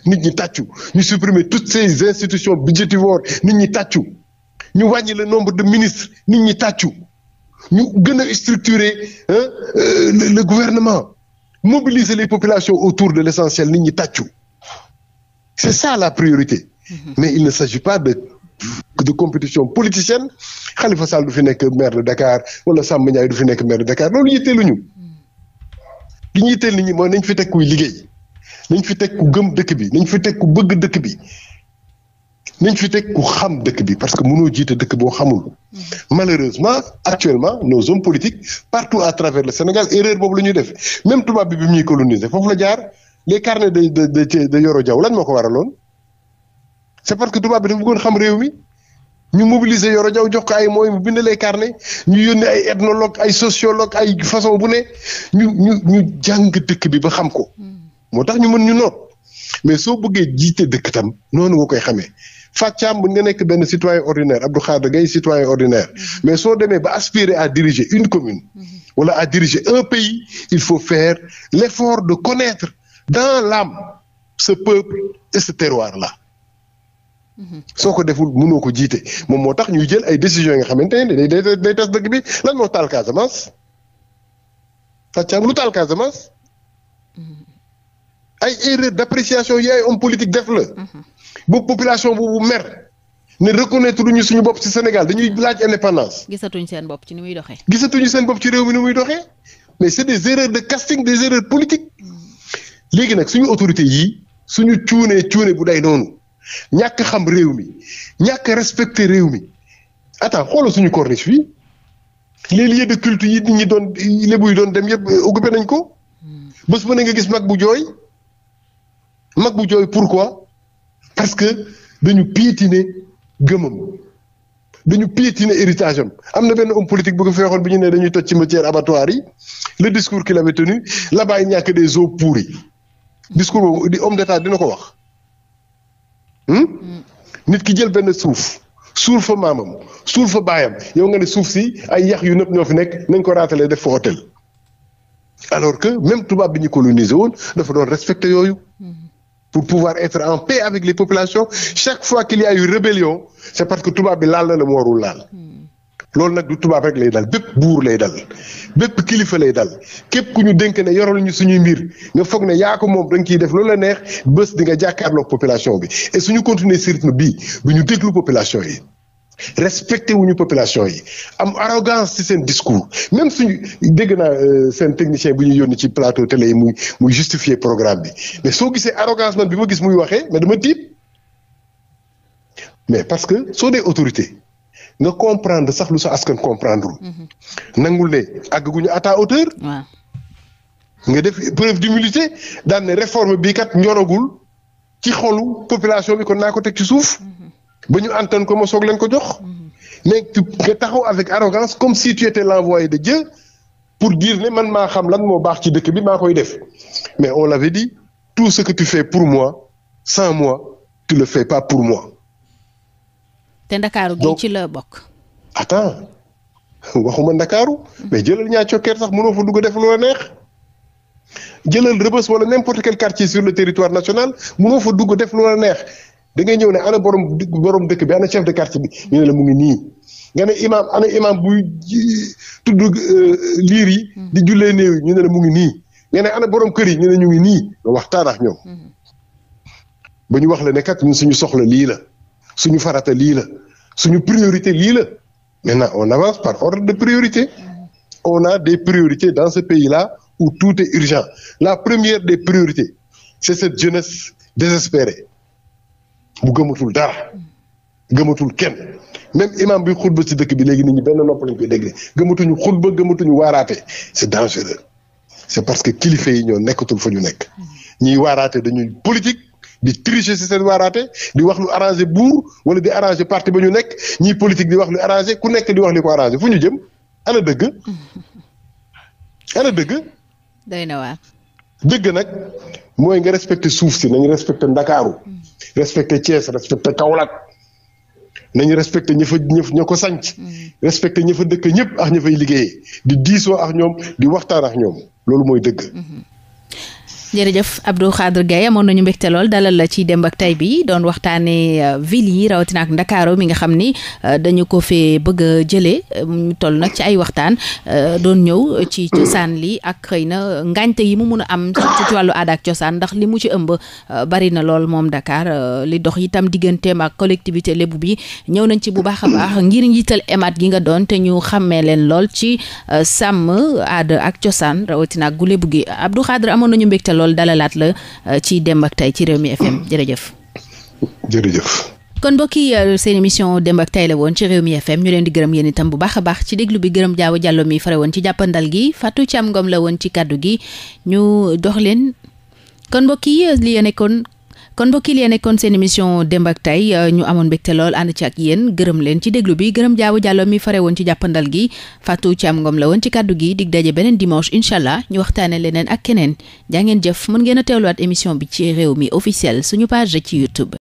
nit ñi tàccu ñu supprimer toutes ces institutions budgétivores nit ñi tàccu ñu wàññi le nombre de ministres nit ñi tàccu ñu gën a structurer euh, le gouvernement mobiliser les populations autour de l'essentiel nit ñi tàccu c'est ça la priorité mhm. mais il ne s'agit pas de de compétition politicienne Khalifa Sall du fi nekk maire de Dakar wala Samba Ndiaye du fi nekk maire de Dakar loolu ñu li ñu yitteel nit ñi mooy nañ fi teg kuy liggéey nañ fi teg ku gëm dëkk bi nañ fi teg ku bëgg dëkk bi nañ fi teg ku xam dëkk bi parce que mënoo jiite dëkk boo xamul malheureusement actuellement no hommes politique partout à travers le Sénégal erreur boobu lañu ñuy def même tubaab bi bi muy coloniser foofu la jaar les carnets de de de de Yoro jaw lañ moo ko waraloon c'est parce que tubaab bi dafa bëggoon xam réew mi ñu mobiliser Yoro jaw jox ko ay mooy mu bind les carnets ñu yónnee ay ethnologue ay sociologue ay façon bu ne ñu ñu jàng dëkk bi ba xam ko hmm. moo tax ñu mën ñu noot mais soo bëggee jiite dëkk tam noonu nga koy xamee. Fathiam mën nga nekk benn citoyen ordinaire Abdou Khadre Gaye citoyen ordinaire mhm. mais soo demee ba aspirer à diriger une commune mhm. wala à diriger un pays il faut faire l'effort de connaître dans l'âme ce peuple et ce terroir là mhm. soo ko deful mënoo ko jiite moom moo tax ñuy jël ay décisions yi nga xamante ne day day day tas dëkk bi lan moo taal Casamance Fathiam lu taal Casamance ay erreur d'appréciation yi ay homme politique def la bu population boobu mer ne reconnaître ñu suñu bopp ci Sénégal dañuy laaj indépendance. gisatuñ seen bopp ci ni muy doxee. gisatuñu seen bopp ci réew mi ni muy doxee mais c'est des erreurs de casting des erreurs politiques léegi nag suñu autorité yii suñu cuune cuune bu day noonu ñàkk xam réew mi ñàkk respecter réew mi attends xoolal suñu corniche fii les lieux de culte yi nit ñi doon lébu yi doon dem yëpp euh, occupé nañ ko hmm. bés ba ne nga gis mag bu jooy mag bu jooy pourquoi. parce que dañu piétiner gëmam dañu piétiner héritage am am na benn om politique bu ko feexoon bi ñu ne dañuy toj cimetière abattoir yi le discours qu'il avait tenu la bàyyi ñàkk des eaux pourries discours boobu di homme d'état dina ko wax hmm? Hmm. nit ki jël benn suuf suul fa maamam suul fa baayam yow nga ne suuf si ay yax yu nëpp ñoo fi nekk nañ ko raatale def fa hôtel alors que même tubaab bi ñu colonisé woon dafa doon respecté yooyu hmm. pour pouvoir être en paix avec les populations chaque fois qu'il y a eu rébellion c'est parce que tubaab bi laal na la mu warul laal loolu nag du tubaab rek lay dal bépp buur lay dal bépp kilifa lay dal képp ku ñu dénk ne yoral ñu suñuy mbir nga foog ne yaa ko moom da nga ciy def loolu la neex bës di nga jàkkaarloog population bi et suñu continuer ci rythme bii bu ñu déglu population yi respecté wuñu population yi am arrogance ci seen discours même suñu dégg naa euh, seen technicien bu ñu yónni ci plateau télé yi muy muy programme bi mais soo gisee arrogance bi ma gis muy waxee mais dama tiit mais parce que soo dee autorité nga comprendre sax lu sa askan comprendre mhm. nangul ne àgguñu à ta hauteur nga def preuve d'humilité daan ne réforme bii kat ñoragul ci xolu population bi kon naa ko teg ci suuf mhm. ba ñu antan ko ma soog leen ko jox ne mm-hmm. nga taxaw avec arrogance comme si tu étais l'envoyé de Dieu pour dire ne man maa xam lan moo baax ci dëkk bi maa koy def mais on l'avait di tout ce que tu fais pour moi cent mois tu le fais pas pour moi. te Ndakaaru gi ci la bokk. attends waxuma Ndakaaru mais jëlal ñaa cokkeer sax mënoo fa dugg def lu a neex jëlal Rebeuss wala n'importe quel quartier sur le territoire national mënoo fa dugg def lu a neex. da ngay ñëw ne ana borom borom dëkk bi ana chef de quartier ñu ne la mu ngi nii nga ne imaam ana imaam buy tudd euh, liir yi. Hmm. di jullee nii ñu ne la mu ngi nii. nga ne ana borom kër yi ñu ne ñu ngi nii nga waxtaan ak ñoom. Hmm. ba ñu wax la ne kat suñu soxla lii la suñu farata lii la suñu priorité lii la maintenant on avance par ordre de priorité. Hmm. on a de priorités dans ce pays la où tout est urgent la première des priorités c'est cette jeunesse désespérée. bu gëmatul dara gëmatul kenn même imam bi xutba ci dëkk bi léegi nit ñi benn nopp lañ koy dégg gëmatuñu xutba gëmatuñu waaraate c'est dangereux que kilifa yi ñoo nekkatul fa ñu nekk ñiy waaraate dañuy politique di tricher ci seen waaraate di wax lu arrangé buur wala di arrangé parti ba ñu nekk ñiy politique di wax lu arrangé ku nekk wax li ko arrangé fu jëm ana dëgg ana dëgg nag mooy nga respecté suuf si nañ respecté ndakaaru respecté Thiès respecté Kaolack nañu respecté ña fa ña ko sanc mm. respecté ña fa dëkk ñëpp ak ña fay liggéeyee di diisoo ak ñoom di waxtaan ak ñoom loolu mooy dëgg. Mm-hmm. jërëjëf Abdou Khadre Gaye amoon nañu mbégte lool dalal la ci démb ak tay bi doon waxtaane euh, ville yi rawatina ak Ndakaaru mi nga xam ni euh, dañu ko fee bëgg a jëlee euh, mu toll nag ci ay waxtaan doon ñëw ci cosaan li ak xëy na ngaañte yi mu mun a am ci wàllu aada ak cosaan ndax li mu ci ëmb bari na lool moom Dakar li dox itam digganteem ak collectivité lébu bi ñëw nañ ci bu baax a baax ngir njiital emaat gi nga doon te ñu xàmmee leen lool ci sàmm aada ak cosaan rawatina ak gi Abdou Khadre lool dalalaat la euh, ci dem ak Tay ci Rewmi FM jërëjëf. jërëjëf. kon mbokki euh, seen émission Demb ak Tay la woon ci Rewmi FM ñu leen di gërëm yéen itam bu baax a baax ci déglu bi gërëm Diawa Diallo mi fare woon ci jàppandal gi ci am Ngom la woon ci kàddu gi ñu dox leen kon mbokki euh, li nekkoon kon mbokki lee nekkoon seen émission démb ak tay euh, ñu amoon mbégte lool ànd ci ak yéen gërëm leen ci déglu bi gërëm jaawu jàllo mi fare woon ci jàppandal gi Fatou Thiam Ngom la woon ci kàddu gi dig daje beneen dimanche incha allah ñu waxtaane leneen ak keneen jaa ngeen jëf mën ngeen a teewluwaat émission bi ci réew mi officiel suñu page ci YouTube